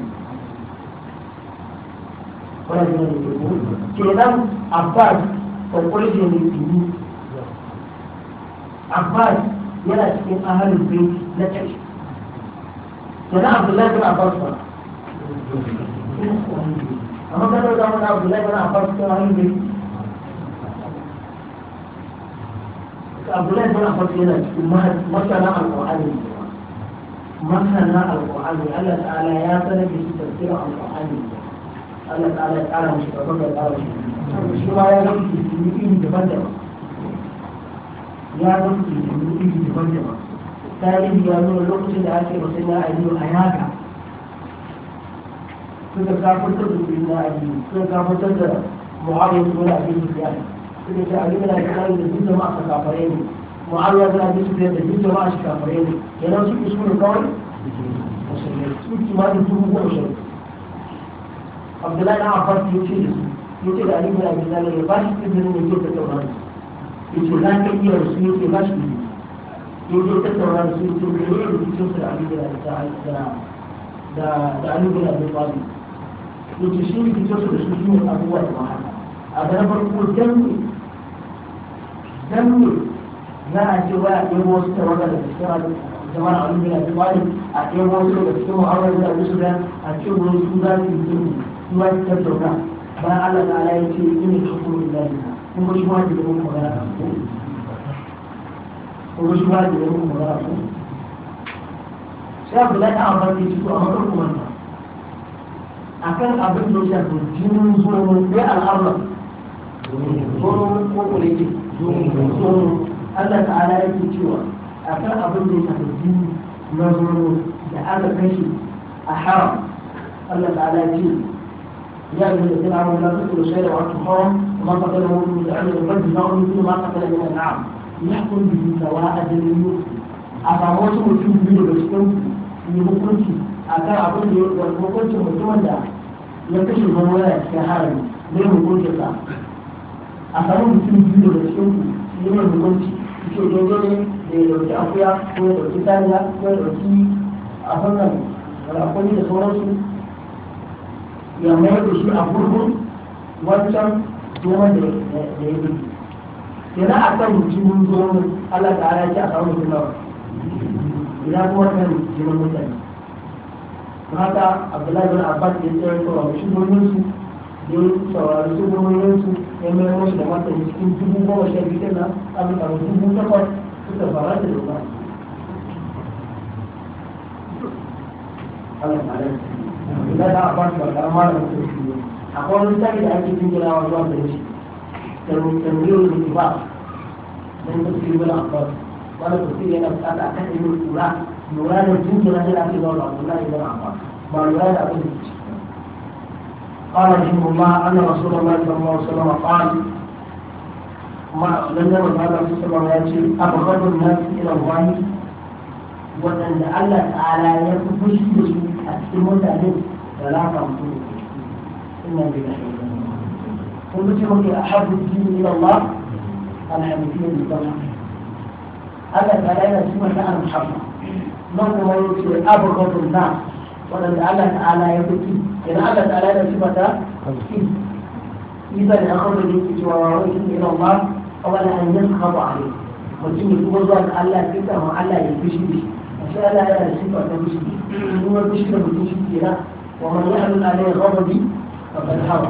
[SPEAKER 1] ولكن يقول كلام عباس وقلت للدين عباس يلا تكون أهل البيت لا تعيش كلام عبد الله بن عباس أما كان يقول عبد الله بن عباس كان أهل البيت عبد الله بن عباس يلا تكون ما كان القرآن masana alƙur'ani Allah ta'ala ya sanar da shi tafsirin alƙur'ani Allah ta'ala ya ƙara mashi gaba da ƙara shi shi ma ya zama tafsirin iri daban ba ya zama tafsirin iri daban ba tarihi ya nuna lokacin da ake masu na aliyu a yaka suka gafatar da su na aliyu suka gafatar da mu'awiyar su na aliyu suka ce aliyu na da su zama a kafare ne معاوية بن أبي سفيان da duk jama'a shi kafirai ne kenan su isu ne kawai su kimanin dubu goma sha Abdullahi na Abbas ya ce da su ya ce da Ali bin Abi Talib ya ba shi izinin ya ke tattauna da su ya ce za ka iya su ya ce ba shi izini ya ke tattauna da su ya ce me ne rubutun su da Ali bin Abi Talib da da Ali bin Abi Talib ya ce shi rubutun su da su shi ne abubuwa da wahala a gaban farko dan ne dan ne za a ce wai a ɗebo wasu tawaga da cikin zama a wani gina tuwali a ɗebo wasu daga cikin ma'aurar da su da a ce wani su za su yi su za su tattauna bayan Allah ta ala ya ce ina shukuru da lafiya kuma shi ma da yawan magana a ko kuma shi ma da yawan magana a ko sai abu da ta amfani da ciki a makar kuma a kan abin da ya shafi jinin zuwa ya al'amma zuwa ko kuma ne zuwa Allah ta'ala yake cewa a kan abin da ya shafi jini na zoro da aka kashe a haram Allah ta'ala ya ce يا أيها الذين آمنوا لا تقتلوا الشيء وأنتم حرم وما قتله من متعمد الرجل فهو مثل ما قتل من النعم يحكم به سواء أجل يؤتي أما wasu mutum biyu da cikin yi hukunci a kan abin da ya hukuncin mutumin da ya kashe gwamnati a cikin harami ne hukuncinsa a samu mutum biyu da cikin yi hukunci suke dogaro da ya dauki akuya ko ya dauki saniya ko ya dauki a wannan rakwani da sauransu ya mayar da shi a gurgun wancan noman da ya yana a kan jinin zuwan Allah ta ala ce a samu mutum nawa idan kuma kan jinin mutane haka abdullahi bin abbas ya ce ya saurari su ya saurari shugabanninsu ya mai wasu da mata ne cikin dubu goma sha biyu kenan an karu dubu takwas suka fara da ruwa Allah ta alaƙa. Ina da a ba su ba da mara mutum shi ne. Akwai wani tsari da ake jingirawa zuwa da shi. تنوير الانتباه من تفسير بن عباس قال تفسير انا بسال اكثر من القراء نوران الجن رجل عبد الله عبد الله بن عباس ما نوران عبد الله قال رحمه الله أن رسول الله صلى الله عليه وسلم قال ما لم يرد هذا في السماوات أبغض الناس إلى الله وأن الله تعالى يكبش به أسلمت عليه فلا تنظر إن بلحيه ومثلك أحب الدين إلى الله الحمدين بالطبع الله تعالى يسمح أنا المحرم من هو يقول أبغض الناس waɗanda Allah ta'ala ya fi idan Allah ta'ala ya fi mata ki إذا الأخذ منك جوارحه إلى الله قبل أن يسخط عليه mutum ya kuma zuwa ga Allah ya fita ma Allah ya fushi da shi sai Allah ya da sifa ta fushi kuma fushi da mutum shi ke na wa man ya'lamu alayhi ghadabi faqad hawa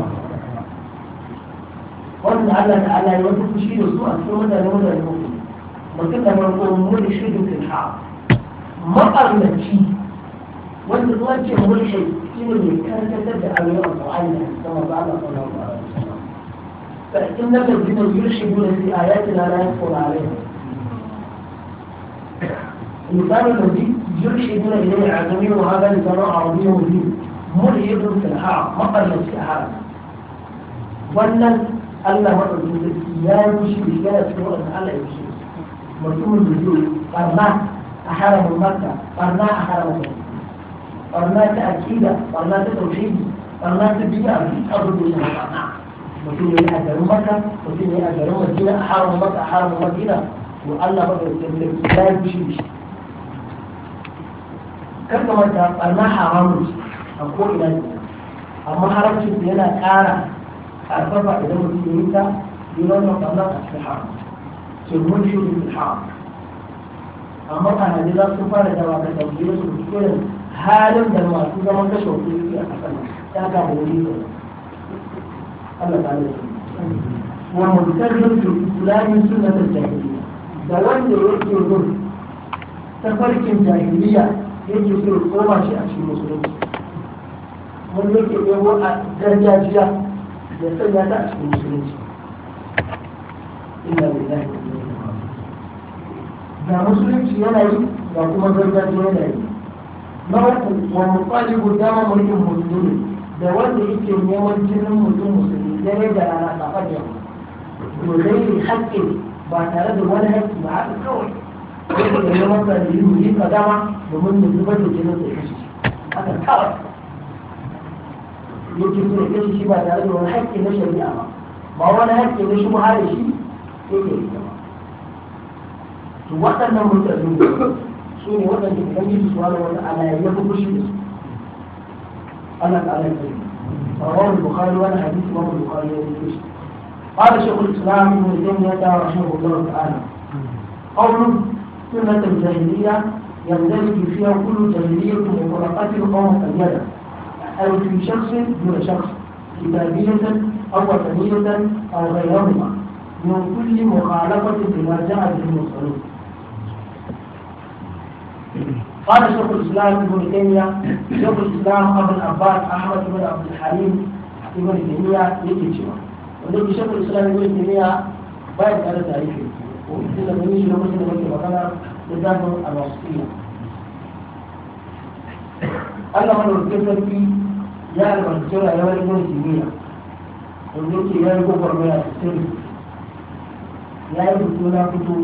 [SPEAKER 1] wannan Allah ta'ala ya wata fushi da su a cikin mutane mutane mutum da farko mun shirku fil hawa maƙarnaci والمتوجه ملحد كلمة كان تبدأ أولياء معينة كما فعل صلى الله عليه وسلم فإن نبذ بمن يرشدون في آياتنا لا يكفر عليها اللسان الذي يرشدون إليه عجمي وهذا لسان عربي مبين ملحد في الحرم مقر في الحرم wannan Allah maɗauki sarki ya لا يمشي da yana cikin waɗanda Allah ya mushi mutumin da zai barna a haramin makka ɓarna ta aƙida ɓarna ta tauhidi ɓarna ta bida a duk abin da ya ɓarna mutum ya yi a garin maka mutum ya yi a garin madina a haramun maka a haramun madina to Allah ba da tsirrai ya yi shi shi kar ka manta ɓarna haramun a ko'ina ne amma haramcin yana ƙara ƙarfafa idan mutum ya yi ta yi wannan ɓarna a cikin haramun turmun shi ne haramun amma a hajjira sun fara dawa ka ɗauke su mutum halin da masu zaman kashe kuɗi a ƙasar ta ga wuri Allah ta lafi wa mutarrin da islamin sunnatar jahiliya da wanda yake yin tafarkin jahiliya yake so ya koma shi a cikin musulunci wani yake ɗebo a gargajiya da sanya ta a cikin musulunci Ina illa lillahi ga musulunci yana yi ga kuma gargajiya yana yi na uku wa muqalibu dama mulkin musulmi da wanda yake neman jinin mutum musulmi dare da rana safa da yamma to dai hakkin ba tare da wani hakki ba haka kawai wanda da neman da yi yi kadama domin ya zubar da jinin da kashi haka kawai yake so ya kashi shi ba tare da wani hakki na shari'a ba ba wani hakki na shi mu muhara shi yake yi ba to waɗannan mutane su ne waɗanda ubangiji su wani wata ala ya fi fushi da su Allah ta'ala قال شيخ الاسلام ابن تيميه رحمه الله تعالى قول سنه الجاهليه يندرج فيها كل جاهليه وفرقات القوم اليد او في شخص دون شخص كتابيه او وثنيه او غيرهما من كل مخالفه لما جاء به المرسلون قال شيخ الاسلام ابن تيميه شيخ الاسلام ابو العباس احمد بن عبد الحليم ابن تيميه يجي cewa wanda شيخ الاسلام ابن تيميه بعد هذا تعريفه ومثل لما يجي لمسلم وجه وكان لذاته الوصفيه Allah madaukakin sarki في albarkaci rayuwar ibn timiya wanda yake ya yi kofar mai a cikin ya yi fito na fito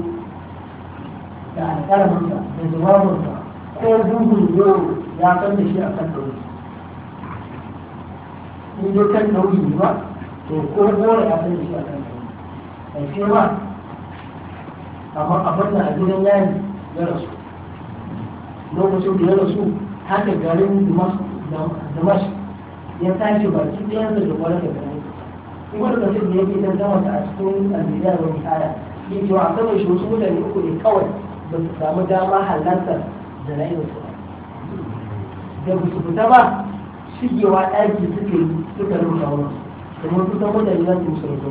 [SPEAKER 1] da alƙalminsa da jawabinsa ko duhun yau ya san da shi a kan nauyi in dai kan nauyi ne ba to ko gora ya san da shi a kan nauyi ƙarshe ba amma a da a gidan yayin ya rasu lokacin da ya rasu haka garin damashi ya tashi baki ɗayan da gaba da gari ibn kasir da yake tantama ta a cikin al-bidaya wa al-hada yake wa akwai shi wasu mutane uku ne kawai ba su samu dama halartar jana'izar su da ba su fita ba shigewa ɗaki suka yi suka rubuta wani kamar kusan da za su musulunta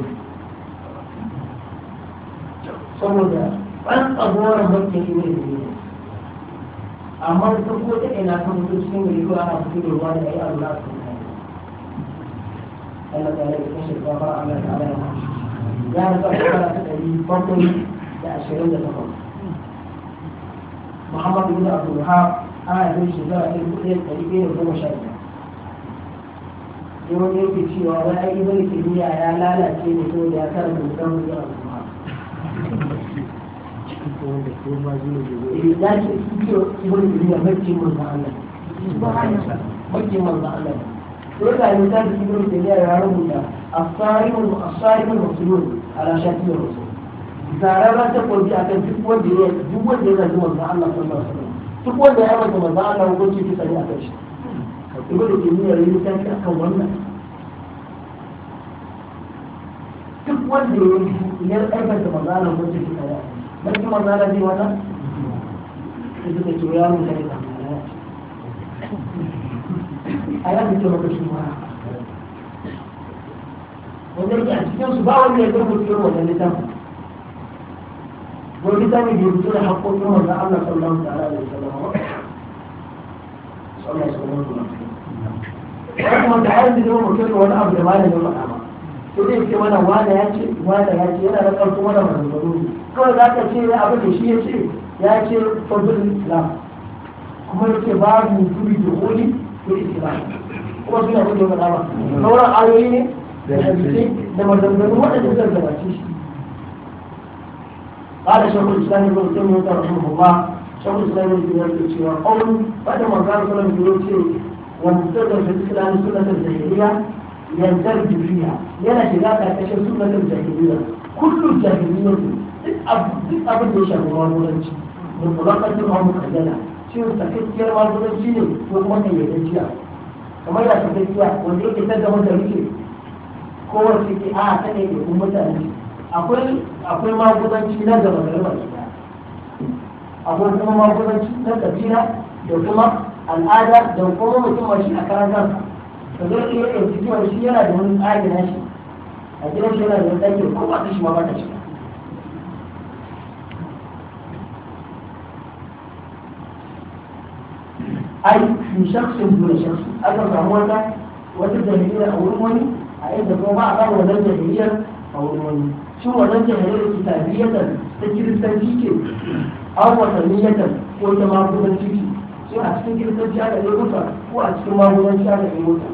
[SPEAKER 1] saboda ban tsagoran bankin ibn ne amma su ko ta ina kan mutum cikin gari ko ana fito da ruwa da ayi Allah su Allah ta rage kashe gaba Allah ta rage ya rasa shekara ta ɗari bakwai da ashirin da takwas muhammad bin abdul wahab an haife shi shekara ta dubu ɗaya ɗari ɗaya da goma sha biyar sai wani yake cewa wani ai ibn kimiyya ya lalace ne saboda ya karanta musamman bin abdul wahab eh, ya ce ibn kimiyya bacci manzan allah bacci manzan allah sai ga misali rubuta الصائم الصائم المسلول على شكل الرسول zarara ta kwanci akan duk wanda ya duk wanda ya zagi Allah duk wanda ya manta manzon Allah hukunci ki tsare akan shi ibn wannan duk wanda ya yi ya aibanta manzon Allah hukunci ki tsare dan kuma manzon Allah zai wannan sai suka ce ya mun kai a ya fito maka shi ma wanda yake a cikin su ba wanda ya littafin gobe za mu bincike da haƙoƙin wanda Allah sallallahu ta'ala alaihi wasallam sallallahu alaihi wasallam ya kuma da har da mu kai wani abu da malamin faɗa ba to dai ce mana wanda ya ce wanda ya ce yana da ƙarfi wanda manzaro kawai za ka ce abin da shi ya ce ya ce fadlul islam kuma ya ce babu turi da holi da islam kuma suna gudu faɗa ba sauran ayoyi ne da hadisi da maganganu waɗanda zan zama قال شيخ الاسلام ابن تيميه رحمه الله شيخ الاسلام ابن تيميه قول بعد ما قال صلى الله عليه وسلم ومستدر في الاسلام سنه الجاهليه يندرج فيها يلا شغاك كشف سنه الجاهليه كل الجاهليه duk abin da ya shafi magudanci da kulakar jin hamu kaddala shi ne takakkiyar magudanci ne ko kuma kan yadda kamar da takakkiya wanda yake ta gaba da rike kowace ke a ta ne da kuma mutane akwai akwai magudanci na gaba gari baki akwai kuma magudanci na kabila da kuma al'ada da kuma mutum shi a karan kansa ka zo iya ɗauki cewa shi yana da wani tsari na shi a gidan shi yana da wani tsari ko ba shi ma ba ta shi ai min shakhsin duna shakhsin aka samu wata wata jami'a a wurin wani a yadda kuma ba a samu wannan jami'ar a wurin wani shi wannan jamhuriyar islamiyyar ta kiristanci ke an watanni yakan ko ta magudanci ce shi a cikin kiristanci ana yi mutu ko a cikin magudanci ana yi mutu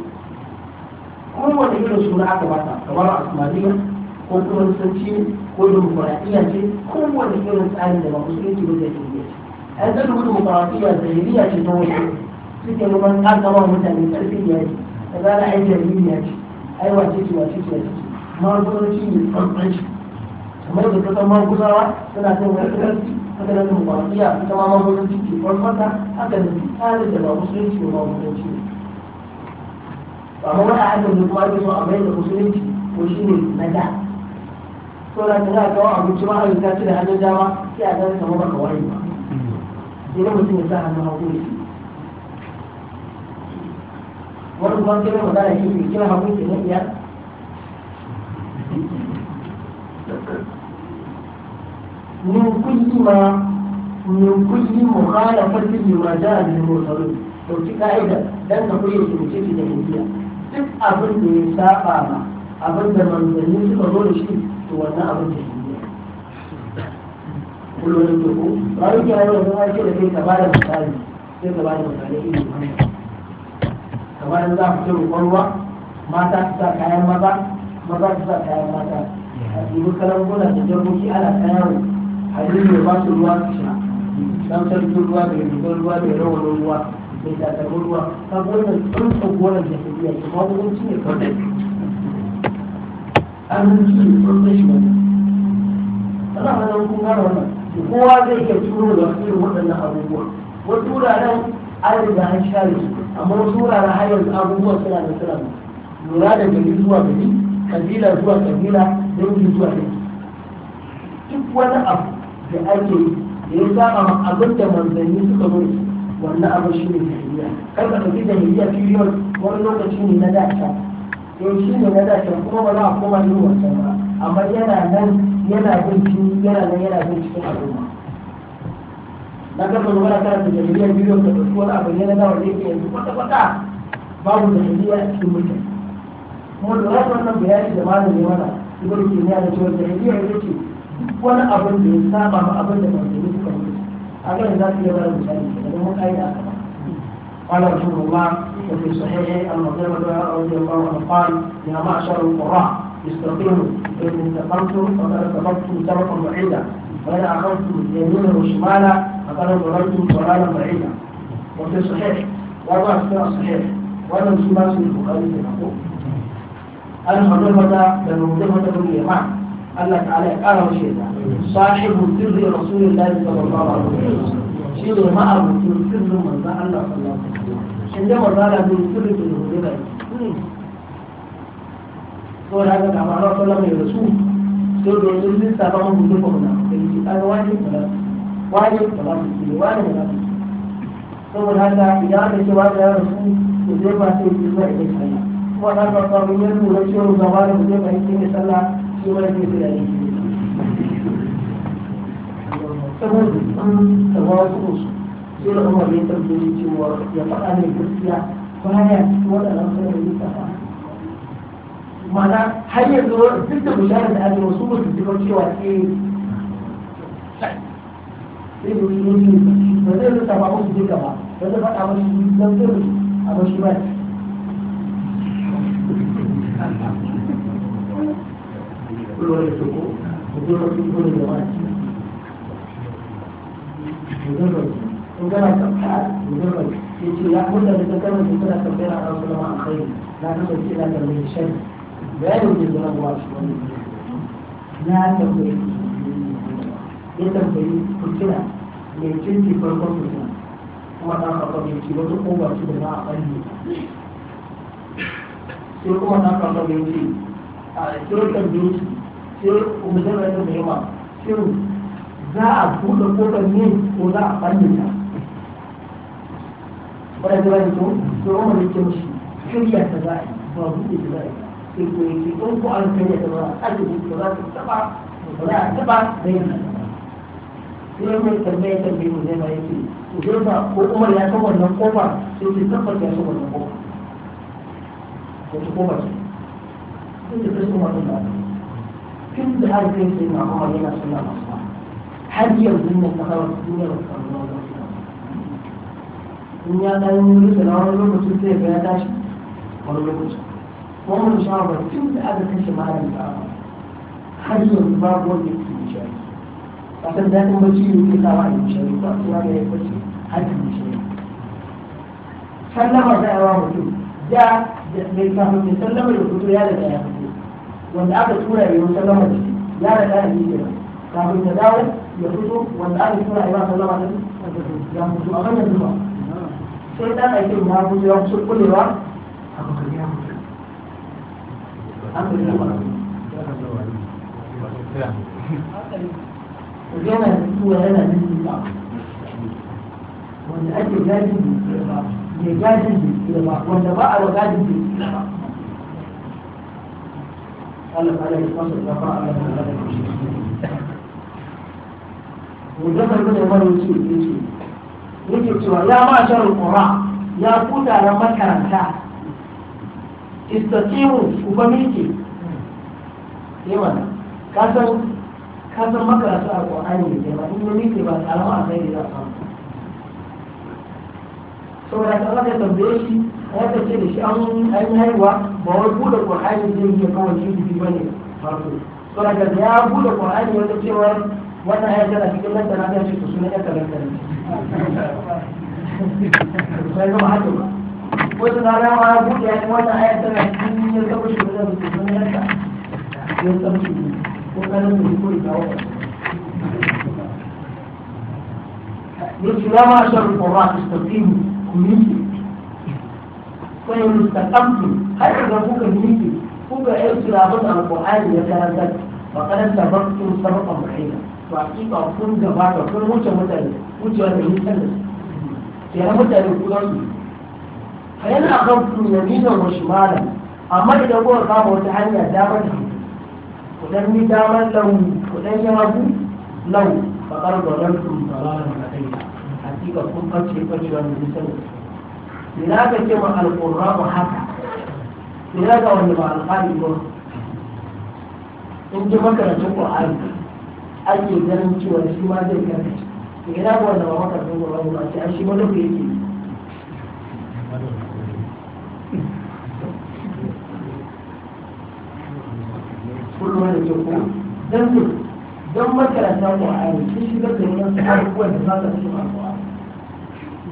[SPEAKER 1] kuma wanda irin suna aka bata kamar asmaniya ko kiristanci ne ko demokuraɗiyya ce ko wanda irin tsarin da ba musulunci ba zai iya ce an zai rubuta demokuraɗiyya zahiriya ce ta wani wasu suke ruban ƙarƙawa mutane ƙarfin yaji da zara ai ya ce ai wace ce wace ce wace ce magudanci ne tsantsanci kamar da kasan maguzawa suna kan wani kalanci haka nan kuma iya ita ma magudanci ke farfata haka da tsarin da ba musulunci ba magudanci ba amma wani hakan da kuma ake so a bayyana musulunci ko shi ne na da so da ta kawo abinci ma a ta ci da hannun dama sai a gani kamar baka wani ba idan mutum ya sa hannun hakuri wani kuma kira magana shi ne kira hakuri ke na iya من كل ما من كل مخالفة لما جاء به المرسلون لو تقاعد لن تقول يسمى في جاهلية duk abin da ya saba ma abin da manzanni suka zo da shi to wannan abin da shi ne kullum da ko ba yi kira yau da da kai ka misali sai ka bada misali iri kamar za ku ce roƙon ruwa mata su sa kayan maza maza su sa kayan mata a tsibi kalan gona da jargoki ana kayan hajji mai ba su ruwa su sha dan sarki ruwa da rigar ruwa da rawanin ruwa mai takalmin ruwa ta ta wannan tun tsagoran jahiliya ke ma hukunci ne kawai aminci ne kawai shi wannan ana hana hukun gara wannan kowa zai iya turo da irin waɗannan abubuwa wasu wuraren an da an share su amma wasu wuraren har yanzu abubuwa suna da suna lura da gari zuwa gari kabila zuwa kabila dangi zuwa dangi duk wani abu da ake da ya saba abin da manzanni suka zo wannan abin shi ne jahiliya kar ka ɗauki jahiliya period wani lokaci ne na dace yau shi ne na dace kuma ba za a koma yin wancan ba amma yana nan yana bin cikin yana nan yana bin cikin al'umma na karfa da wani karanta jahiliya period ka ɗauki wani abu ne na dawa da yake yanzu kwata-kwata babu jahiliya a cikin mutane kuma da wannan bayani da malamin mana ibn kimiyya da cewa jahiliya ya ce wani abin da ya saba ma abin da manzanni suka mutu a ga za su yi wani misali da mun kai da aka ba قال رسول الله وفي صحيح أن رضي الله عنه قال يا معشر القراء استقيموا فإن انتقمتم فقد انتقمتم سبقا بعيدا وإن أخذتم يمينا وشمالا فقد ضللتم ضلالا بعيدا وفي صحيح وضع في صحيح وأنا مسلم في البخاري في الحقوق أنا حضرمة بن مضرمة بن اليمان الله تعالى قال وشيدا صاحب سر رسول الله صلى الله عليه وسلم شيد ما أبوك سر من ذا الله صلى الله عليه وسلم عندما قال أبو سر من ذا الله صلى الله عليه وسلم قال هذا كما رأى رسول سر رسول الله صلى الله عليه وسلم قال واجب صلاة واجب صلاة واجب صلاة واجب صلاة saboda haka idan aka ce wata ya rasu to zai ba sai ya ce zai ba ya ce sallah kuma da haka kawai yin lura cewa zama da mutum a yankin sallah shi ma ne da saboda an tawazu su sai da Umar ya tambaye cewa ya faɗa ne gaskiya baya cikin waɗannan sanar da ta mana har yanzu duk da bisharar da ake wasu musu jikin cewa ke. Eh. sai da wani yanzu ba zai rasa ba musu duka ba ba zai faɗa mashi don zai a mashi ba kulwar da suko da zuwa sun kuma da wani mujarrabi in gana tafiya mujarrabi ya ce ya kuma da ta kama da suna tafiya a rasu lama a kai na kama ce na kama da shan bayanin da zuwa ya tambayi mai cinci farkon fitina kuma ta farkon mai ci wata kowa ce da na a ɓalli sai kuma ta farkon mai ci a sai kuma zama yadda mai yawa shin za a buɗe ƙofar ne ko za a ɓanne ta wadda ta bani to sai umar ya ce mashi shirya ta za a yi ba buɗe ta za a yi sai ko ya ce ɗan ko an shirya ta za a ake ko za ta taɓa ba za a taɓa da yin sai mai tambaya tambaye mu zai ma yake to zai ba ko umar ya san wannan ƙofa sai ce tabbata ya san wannan ƙofa wata ƙofa ce sai ta kashe umar da tun da har kai sai na kuma yana suna a yi ya da wanda aka tura ya yi sallama da shi ya da ya yi kenan kafin ya dawo ya fito wanda aka tura ya yi sallama da shi ya mutu a kan zuwa sai ta ake ya mutu ya kusa kullewa a bakar ya mutu an da ya mutu yana zuwa yana nufin wanda ake gajin da ba mai gajin da ba wanda ba a wa gajin da ba Allah ta yi kasu da ba a yana da shi Mujabar da Umar ya ce ya ce yake cewa ya ma sharar Qur'an ya ku taron makaranta istaqimu ku ba miki yawa kasan kasan makaranta a Qur'ani ne ba in ba a sai da samu saboda ka aka ce da shi an haihuwa ba wai buɗe ƙur'ani zai iya kawai shi jiki ba ne farko to daga da ya buɗe ƙur'ani wata cewa wannan ayat tana cikin nan da na ce su suna ya karanta ne sai zama haka ba wata na rama ya buɗe ya wannan ayat tana cikin ya zama shi da su suna ya ka ya zama shi ko kanan da ko ita wa yace lama sharru qur'an istaqim kunni wayan mustaqamtu har da kuka miƙe kuka yi turabun alqur'ani ya karanta ba karanta ba ku sabaqan bahira to hakika kun gabata kun wuce mutane wuce wanda yi sallah na mutane ku zan su fayan ya yaminan wa shimala amma idan kuka kama wata hanya damar da ku dan ni damar lau ku dan yi hagu lau fa qardalantum salalan alayka hakika kun kace kace wanda yi ina ka ce ma ba haka ina ga wani ba alƙari ba in ji makarantun ƙwa'ari ake ganin cewa shi ma zai karkace ina ga wanda ba makarantun ƙwa'ari ba ce an shi manufa yake
[SPEAKER 2] kullum da ke kuma
[SPEAKER 1] don don makaranta ƙwa'ari shi shigar da wani abubuwan da za ka ce ma ƙwa'ari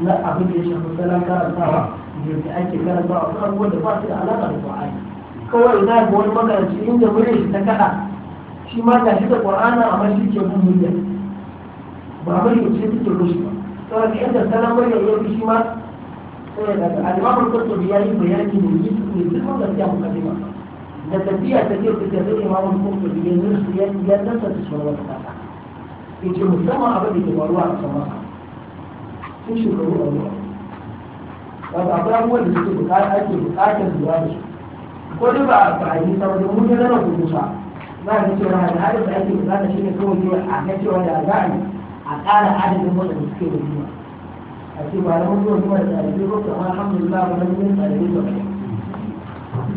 [SPEAKER 1] na abin da ya shafi salon karantawa da ake karantawa ko abubuwan da ba su da alaƙa da Qur'ani kawai na ga wani makaranci inda mure shi ta kada shi ma ga shi da Qur'ana amma shi ke bin murya ba ba shi ce take rushe ba saboda yadda salon murya ya fi shi ma sai da al-Imam al-Qurtubi ya yi bayani ne ne duk da ya mukaddima da tafiya ta ke fita da Imam al-Qurtubi ya nursu ya ya tsantsa shi wani wannan kasa yace musamman abin da ke faruwa a cikin sun shekaru a ruwa wato akwai abubuwan da suke bukata ake bukatar zuwa da su ko dai ba a yi saboda mun yi zama kusa za a cewa da hadin da ake bukata shi ne kawai ne a kan cewa da za a yi a ƙara adadin waɗanda suke da ruwa a ce ba da mutuwa kuma da ɗalibai ko kuma alhamdulillah ba nan yin ɗalibai ba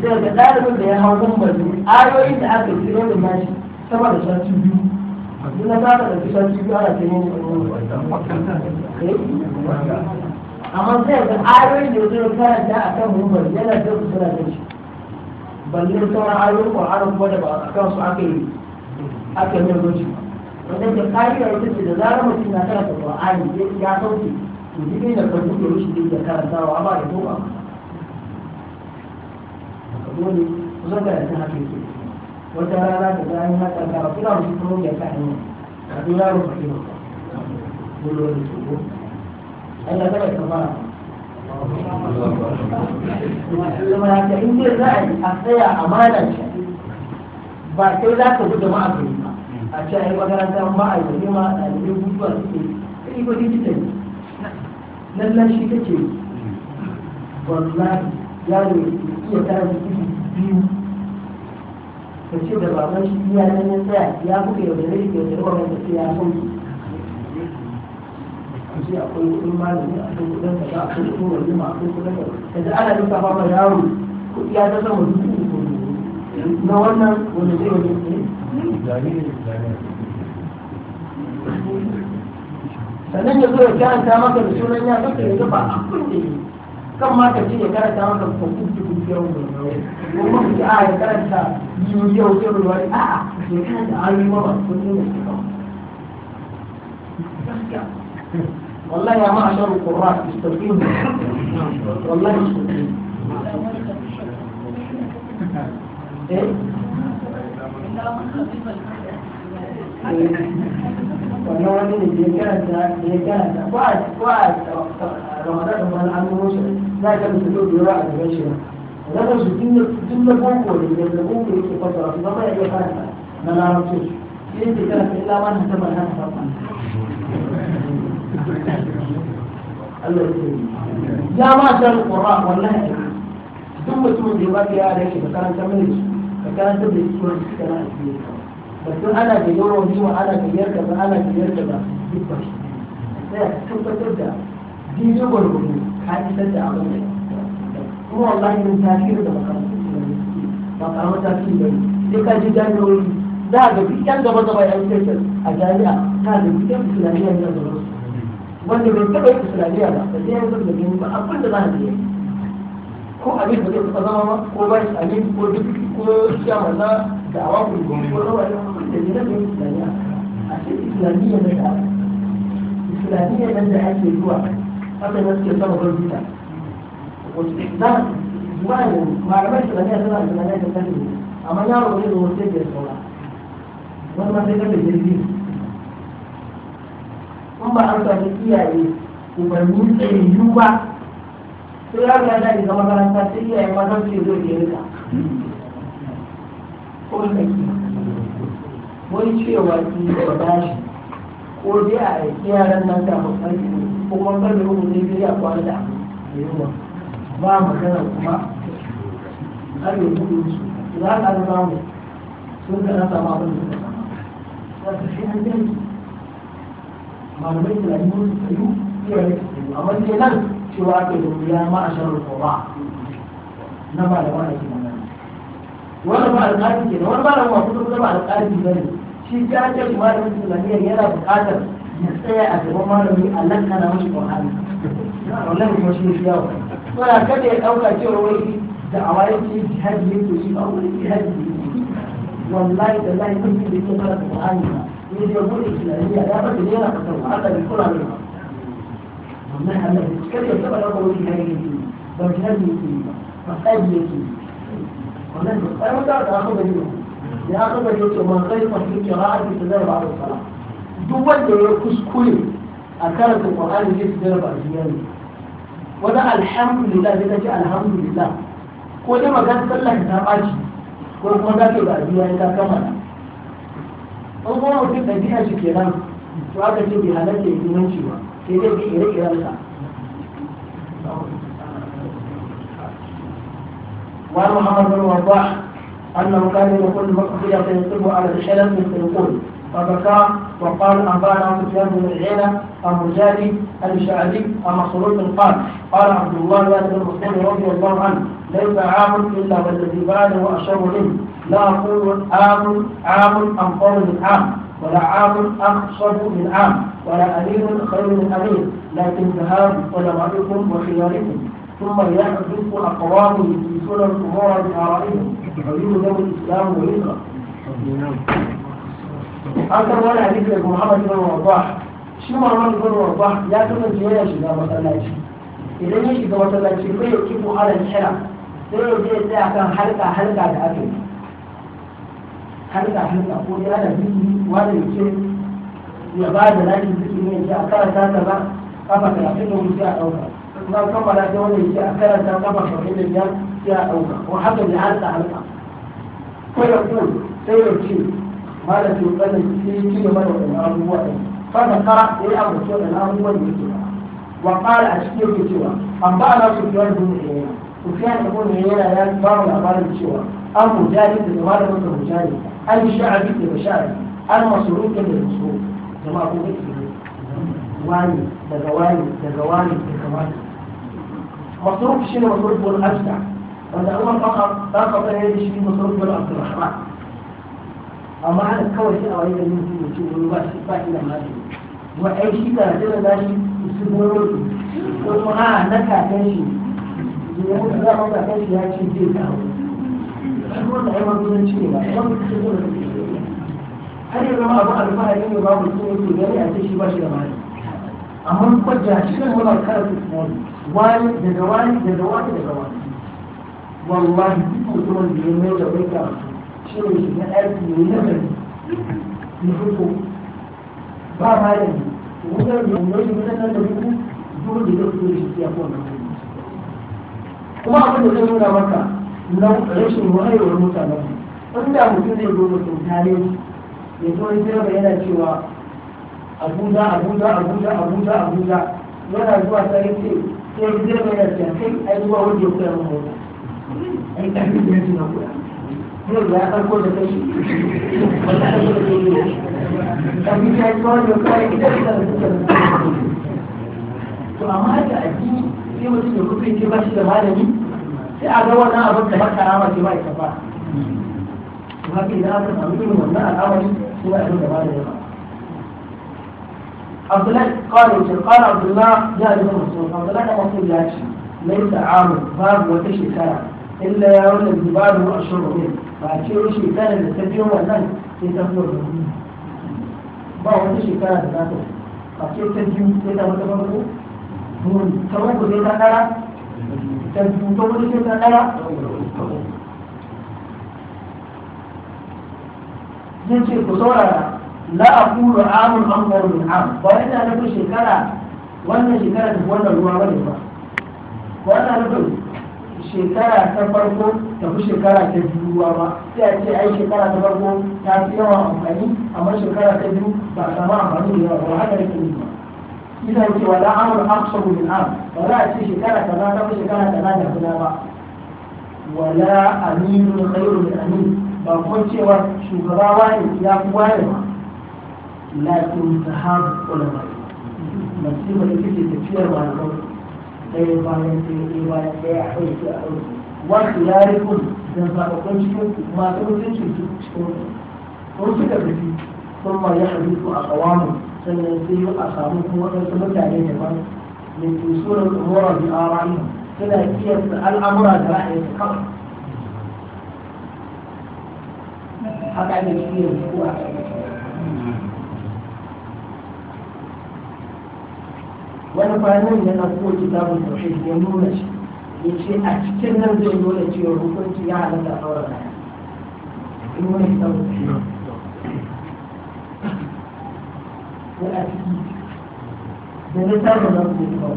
[SPEAKER 1] sai ga ɗalibin da ya hau kan bazu ayoyin da aka yi kiro da nashi sama da sati biyu na za da sati biyu ana kai yin amma sai ga ayoyin da zai karanta a kan rumbar yana da su suna da shi balle sauran ayoyin ƙwararren kuma da ba a kan su aka yi aka yi rubuci wanda ke kariya ita ce da zarar mutum na karanta ƙwararren ya ya sauke to duk da kan duk da rushe da ya karantawa ba da kowa ka dole kusan karanta haka yake wata rana da zai haka karatu na kuma ya kayan yaro ka yi gudu da Allah kada ka ba kuma haka in dai za a yi a tsaya a malar ba kai za ka gudu ma'a kai ba a ce a yi makaranta ba a yi ma a yi guduwa suke ka iko digital lallan shi kake wallahi yaro iya karanta ido biyu ka ce da baban shi iya nan ya tsaya ya buga yaudare yaudare wannan da ya sauki ce akwai kudin malami akwai kudin kaza akwai kudin walima akwai kudin kaza kaza ana duka ba yaro kudi ya ta sama dubu uku na wannan wanda zai wani ne
[SPEAKER 2] sannan ya zo ya karanta maka da sunan
[SPEAKER 1] ya zaka ya gaba abin da yi kan ma ka ya karanta maka ko kuɗi kuɗi yau da yau ko kuma a ah, ya karanta yau yau da wani a'a ya karanta ma ba kuɗi ne والله يا معشر القراء مستقيم والله مستقيم ايه والله من يكاد يكاد وعد رمضان من الأمر لا كان سجود يراعي بشرة ولكن سجود جملة بوكو اللي يبلغوك يكتب فترة فما ما نعرفش إنت إيه كانت إلا ما نهتم أنها يا ما شر القرآن والله ثم تقول لي بقى يا ليش فكان تملي فكان تملي تقول كلام كبير بس انا في دور وهي وانا في يركب انا في يركب بس ثم إيه، تبدا دي زبر بني كان يسجع بني هو والله من تاثير ده مقام مقام تاثير بني دي كان جدا نوري ده بس كان ده بس بس اجاني كان بس كان بس كان بس wanda bai taɓa yin islamiyya ba da sai yanzu da gani ba abin da za a yi ko abin da zai taɓa zama ba ko ba shi abin ko duk ko a na da awa ko ko zama da kuma da gina mai islamiyya a ce islamiyya na da islamiyya na da ake zuwa haka na suke sama rubuta wasu da zuwa ne malamai islamiyya suna islamiyya da sani amma yaro ne da wasu yake saura wani ma sai kan da jirgin in ba an sami iyaye umarni tsayayyu ba sai ya ga da daga makaranta sai iyaye ma zan ce zai ke rika ko da ke wani cewa ki da bashi ko dai a aiki yaran nan da ba mafarki ko kuma da rubu ne zai ya kwana da yunwa ba magana kuma har yi kudu su za ka mu sun na samu abin da ka samu za ka shi an malamai da rayuwar su kayu cewa ne su amma ke nan cewa ake da ya ma a sharar kowa na ba da wani kima nan wani ba alƙari ke da wani ba da wani kuma ba alƙari ba ne shi ta ake shi malamin islamiyya yana buƙatar ya tsaya a gaban malami a lankana mashi ƙwahari wallahi kuma shi ne shi yawa saboda kada ya ɗauka cewa wai da a waye ce jihadi to shi ba wani jihadi ne. wallahi da lahi kun yi da yake fara da ƙwahari ba sai ka gudu tunaniya ya fata ne yana fata ba haka ne kuna ne wannan Allah ya cika da saboda ko wani ya yi ne ba ki hadi ne ba sai ji yake wannan ba sai mun ta ta ko ne ya aka ga yato ma sai ma shi ki da zai ba da sala duk wanda ya kuskure a karanta Qur'ani ne da ba shi ne wannan alhamdulillah da kace alhamdulillah ko dai magana sallah ta baci ko kuma da ke ba biya ta an kuma mutum ɗabi'a shi kenan to aka ce bai halatta ya imanci ba sai dai bi ire-irensa وعن محمد بن وضاح انه كان يقول مقبله يقلب على الحلم فيقول فبكى وقال انبانا سفيان بن العينه عن مجاهد الشعبي عن مسروق قال قال عبد الله بن مسعود رضي الله عنه ليس عام الا والذي بعده اشر منه لا أقول عام عام أم قول من آم ولا عام أخصب من عام ولا أمير خير من أمير لكن ذهاب علمائكم وخياركم ثم يحدث أقوام يجلسون الأمور بآرائهم يحيون له الإسلام ويلقى أكثر ولا أبيك لكم محمد بن الرباح شنو محمد بن الرباح لا تكن جميع شيء ما تلاقيش إذا نشي كما تلاقيش كيف يكتبوا على الحلم سيرو دي الساعة كان حلقة حلقة على الأكل harka harka ko ya da zikiri wanda ya ce ya ba da lakin zikiri ne ce a karanta ta ba kafa talatin da wuce a ɗauka kuma kammala ta wanda ya ce a karanta kafa saba'in da biyar sai a ɗauka ko haka ne harka harka ko ya ko sai ya ce malam ke ƙanin sai ya ci gaba da wani abubuwa ɗin fata kara ya yi abu da wani abubuwan da yake ba وقال أشكيك سوى أنبأنا سفيان yana عيينة سفيان بن عيينة يا باب الأخبار سوى أم مجاهد بن mu jari. قال شعبي لبشاري انا مصروف للمصروف جماعة قوم اكتب إيه؟ واني ده زواني ده زواني ده زواني مصروف الشيء مصروف هو الابدع فانت اول فقط فقط هي دي الشيء مصروف هو عبد الرحمن اما انا كوي شيء او اي شيء من كل شيء هو شيء باقي لما اجي هو اي شيء ترى ترى ده شيء يسمونه ثم ها نكا شيء يقول لا ما شيء هاي شيء كثير har yanzu ma abu alfahari ne babu sun yi gani a ce shi ba shi da mali amma kwajja shi kan muna karatu wani daga wani daga wani daga wani wallahi duk mutumin da ya mai da bai ka shi ne shi na ɗaki ne na gari ne fito ba malami da wani shi mutan nan da buku da ya fito da shi ya kuma abin da zai nuna maka na rashin wayewar mutane inda mutum zai zo mutum tare ya zo ya ba yana cewa abuja abuja abuja abuja abuja yana zuwa sai ce sai zai ba yana cewa kai ai zuwa wanda ya koya mu mota ai karfi da yanzu na koya yau ya farko da kai wata aiki da kai ne karfi da yanzu wanda ya koya idan ka da suke da to amma da addini sai mutum ya kuka yake ba shi da malami sai a ga wannan abin da har karama ce ba ita ba to haka idan aka samu irin wannan al'amari suna abin da ba da yawa Abdullahi kawai ce kawai Abdullahi ya ji masu Abdullahi da masu ya ce da amu babu wata shekara illa ya wanda zibaru a shirin ba ce shekarar da ta biyo wannan sai ta fito da ba wata shekara da za ta a ce ta biyu sai ta wata farko ta ku zai ta kara ta biyu ta ce ku saurara la a kuru amun an gwaro min am ba nufin shekara wannan shekara ta wannan ruwa wani ba ba wani nufin shekara ta farko ta fi shekara ta biyu ruwa ba sai a ce ai shekara ta farko ta fi yawan amfani amma shekara ta biyu ba a amfani da yawa ba haka nake nufi إذا يقول ولا عام أقصر من عام ولا أتي شكالة كذا تقول شكالة كذا يقول با ولا أمين خير من أمين بقول شيء شغبا وين يا وين لكن ذهاب علماء مسيبة التي تفير مع القول ɗaya bayan ɗaya ɗaya bayan ɗaya a ɗauki a ɗauki wasu yare kun da zaɓaɓɓen cikin masu mutuncin cikin kun suka tafi ثم يحدث أقوام سنسير أصابكم وأنتم متعلين من يسور الأمور بآرائهم سنة كيف الأمر برأيه كفر haka ake cikin yanzu wani bayanan ya na kitabun tauhid ya nuna shi ya ce a cikin nan zai nuna cewa hukunci ya halatta a saurara in kitabun yana ciki da ne ta zama su ne kawai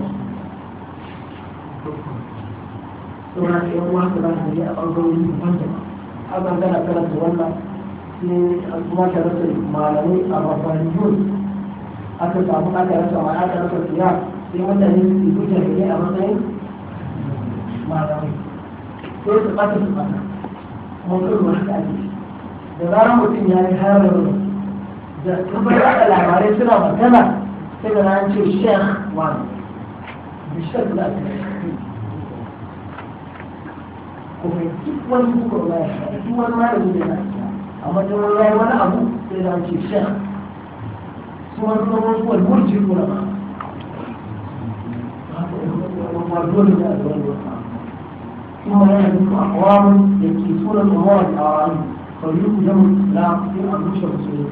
[SPEAKER 1] suna da yan za su yi a ɓangarori daban-daban a ɓangaren karanta wannan sai kuma ta rasa malamai a mafaniyun aka samu aka rasa ma aka rasa siya sai mutane su duka da ne a matsayin malamai sai su ɓata su ɓata kuma kai wani da zarar mutum ya yi harar da kafar yada labarai suna magana sai da na ce shekh wani da shekh za ta kuma duk wani bukur ma ya shaɗa duk wani malami da na amma ta wani yayi wani abu sai da ce shekh su wani kuma wani kuma murji kuna ma ثم يعلم أقوام يكيسون الأمور الأوامر فليقدم الإسلام في أنفس المسلمين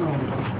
[SPEAKER 2] Uhum.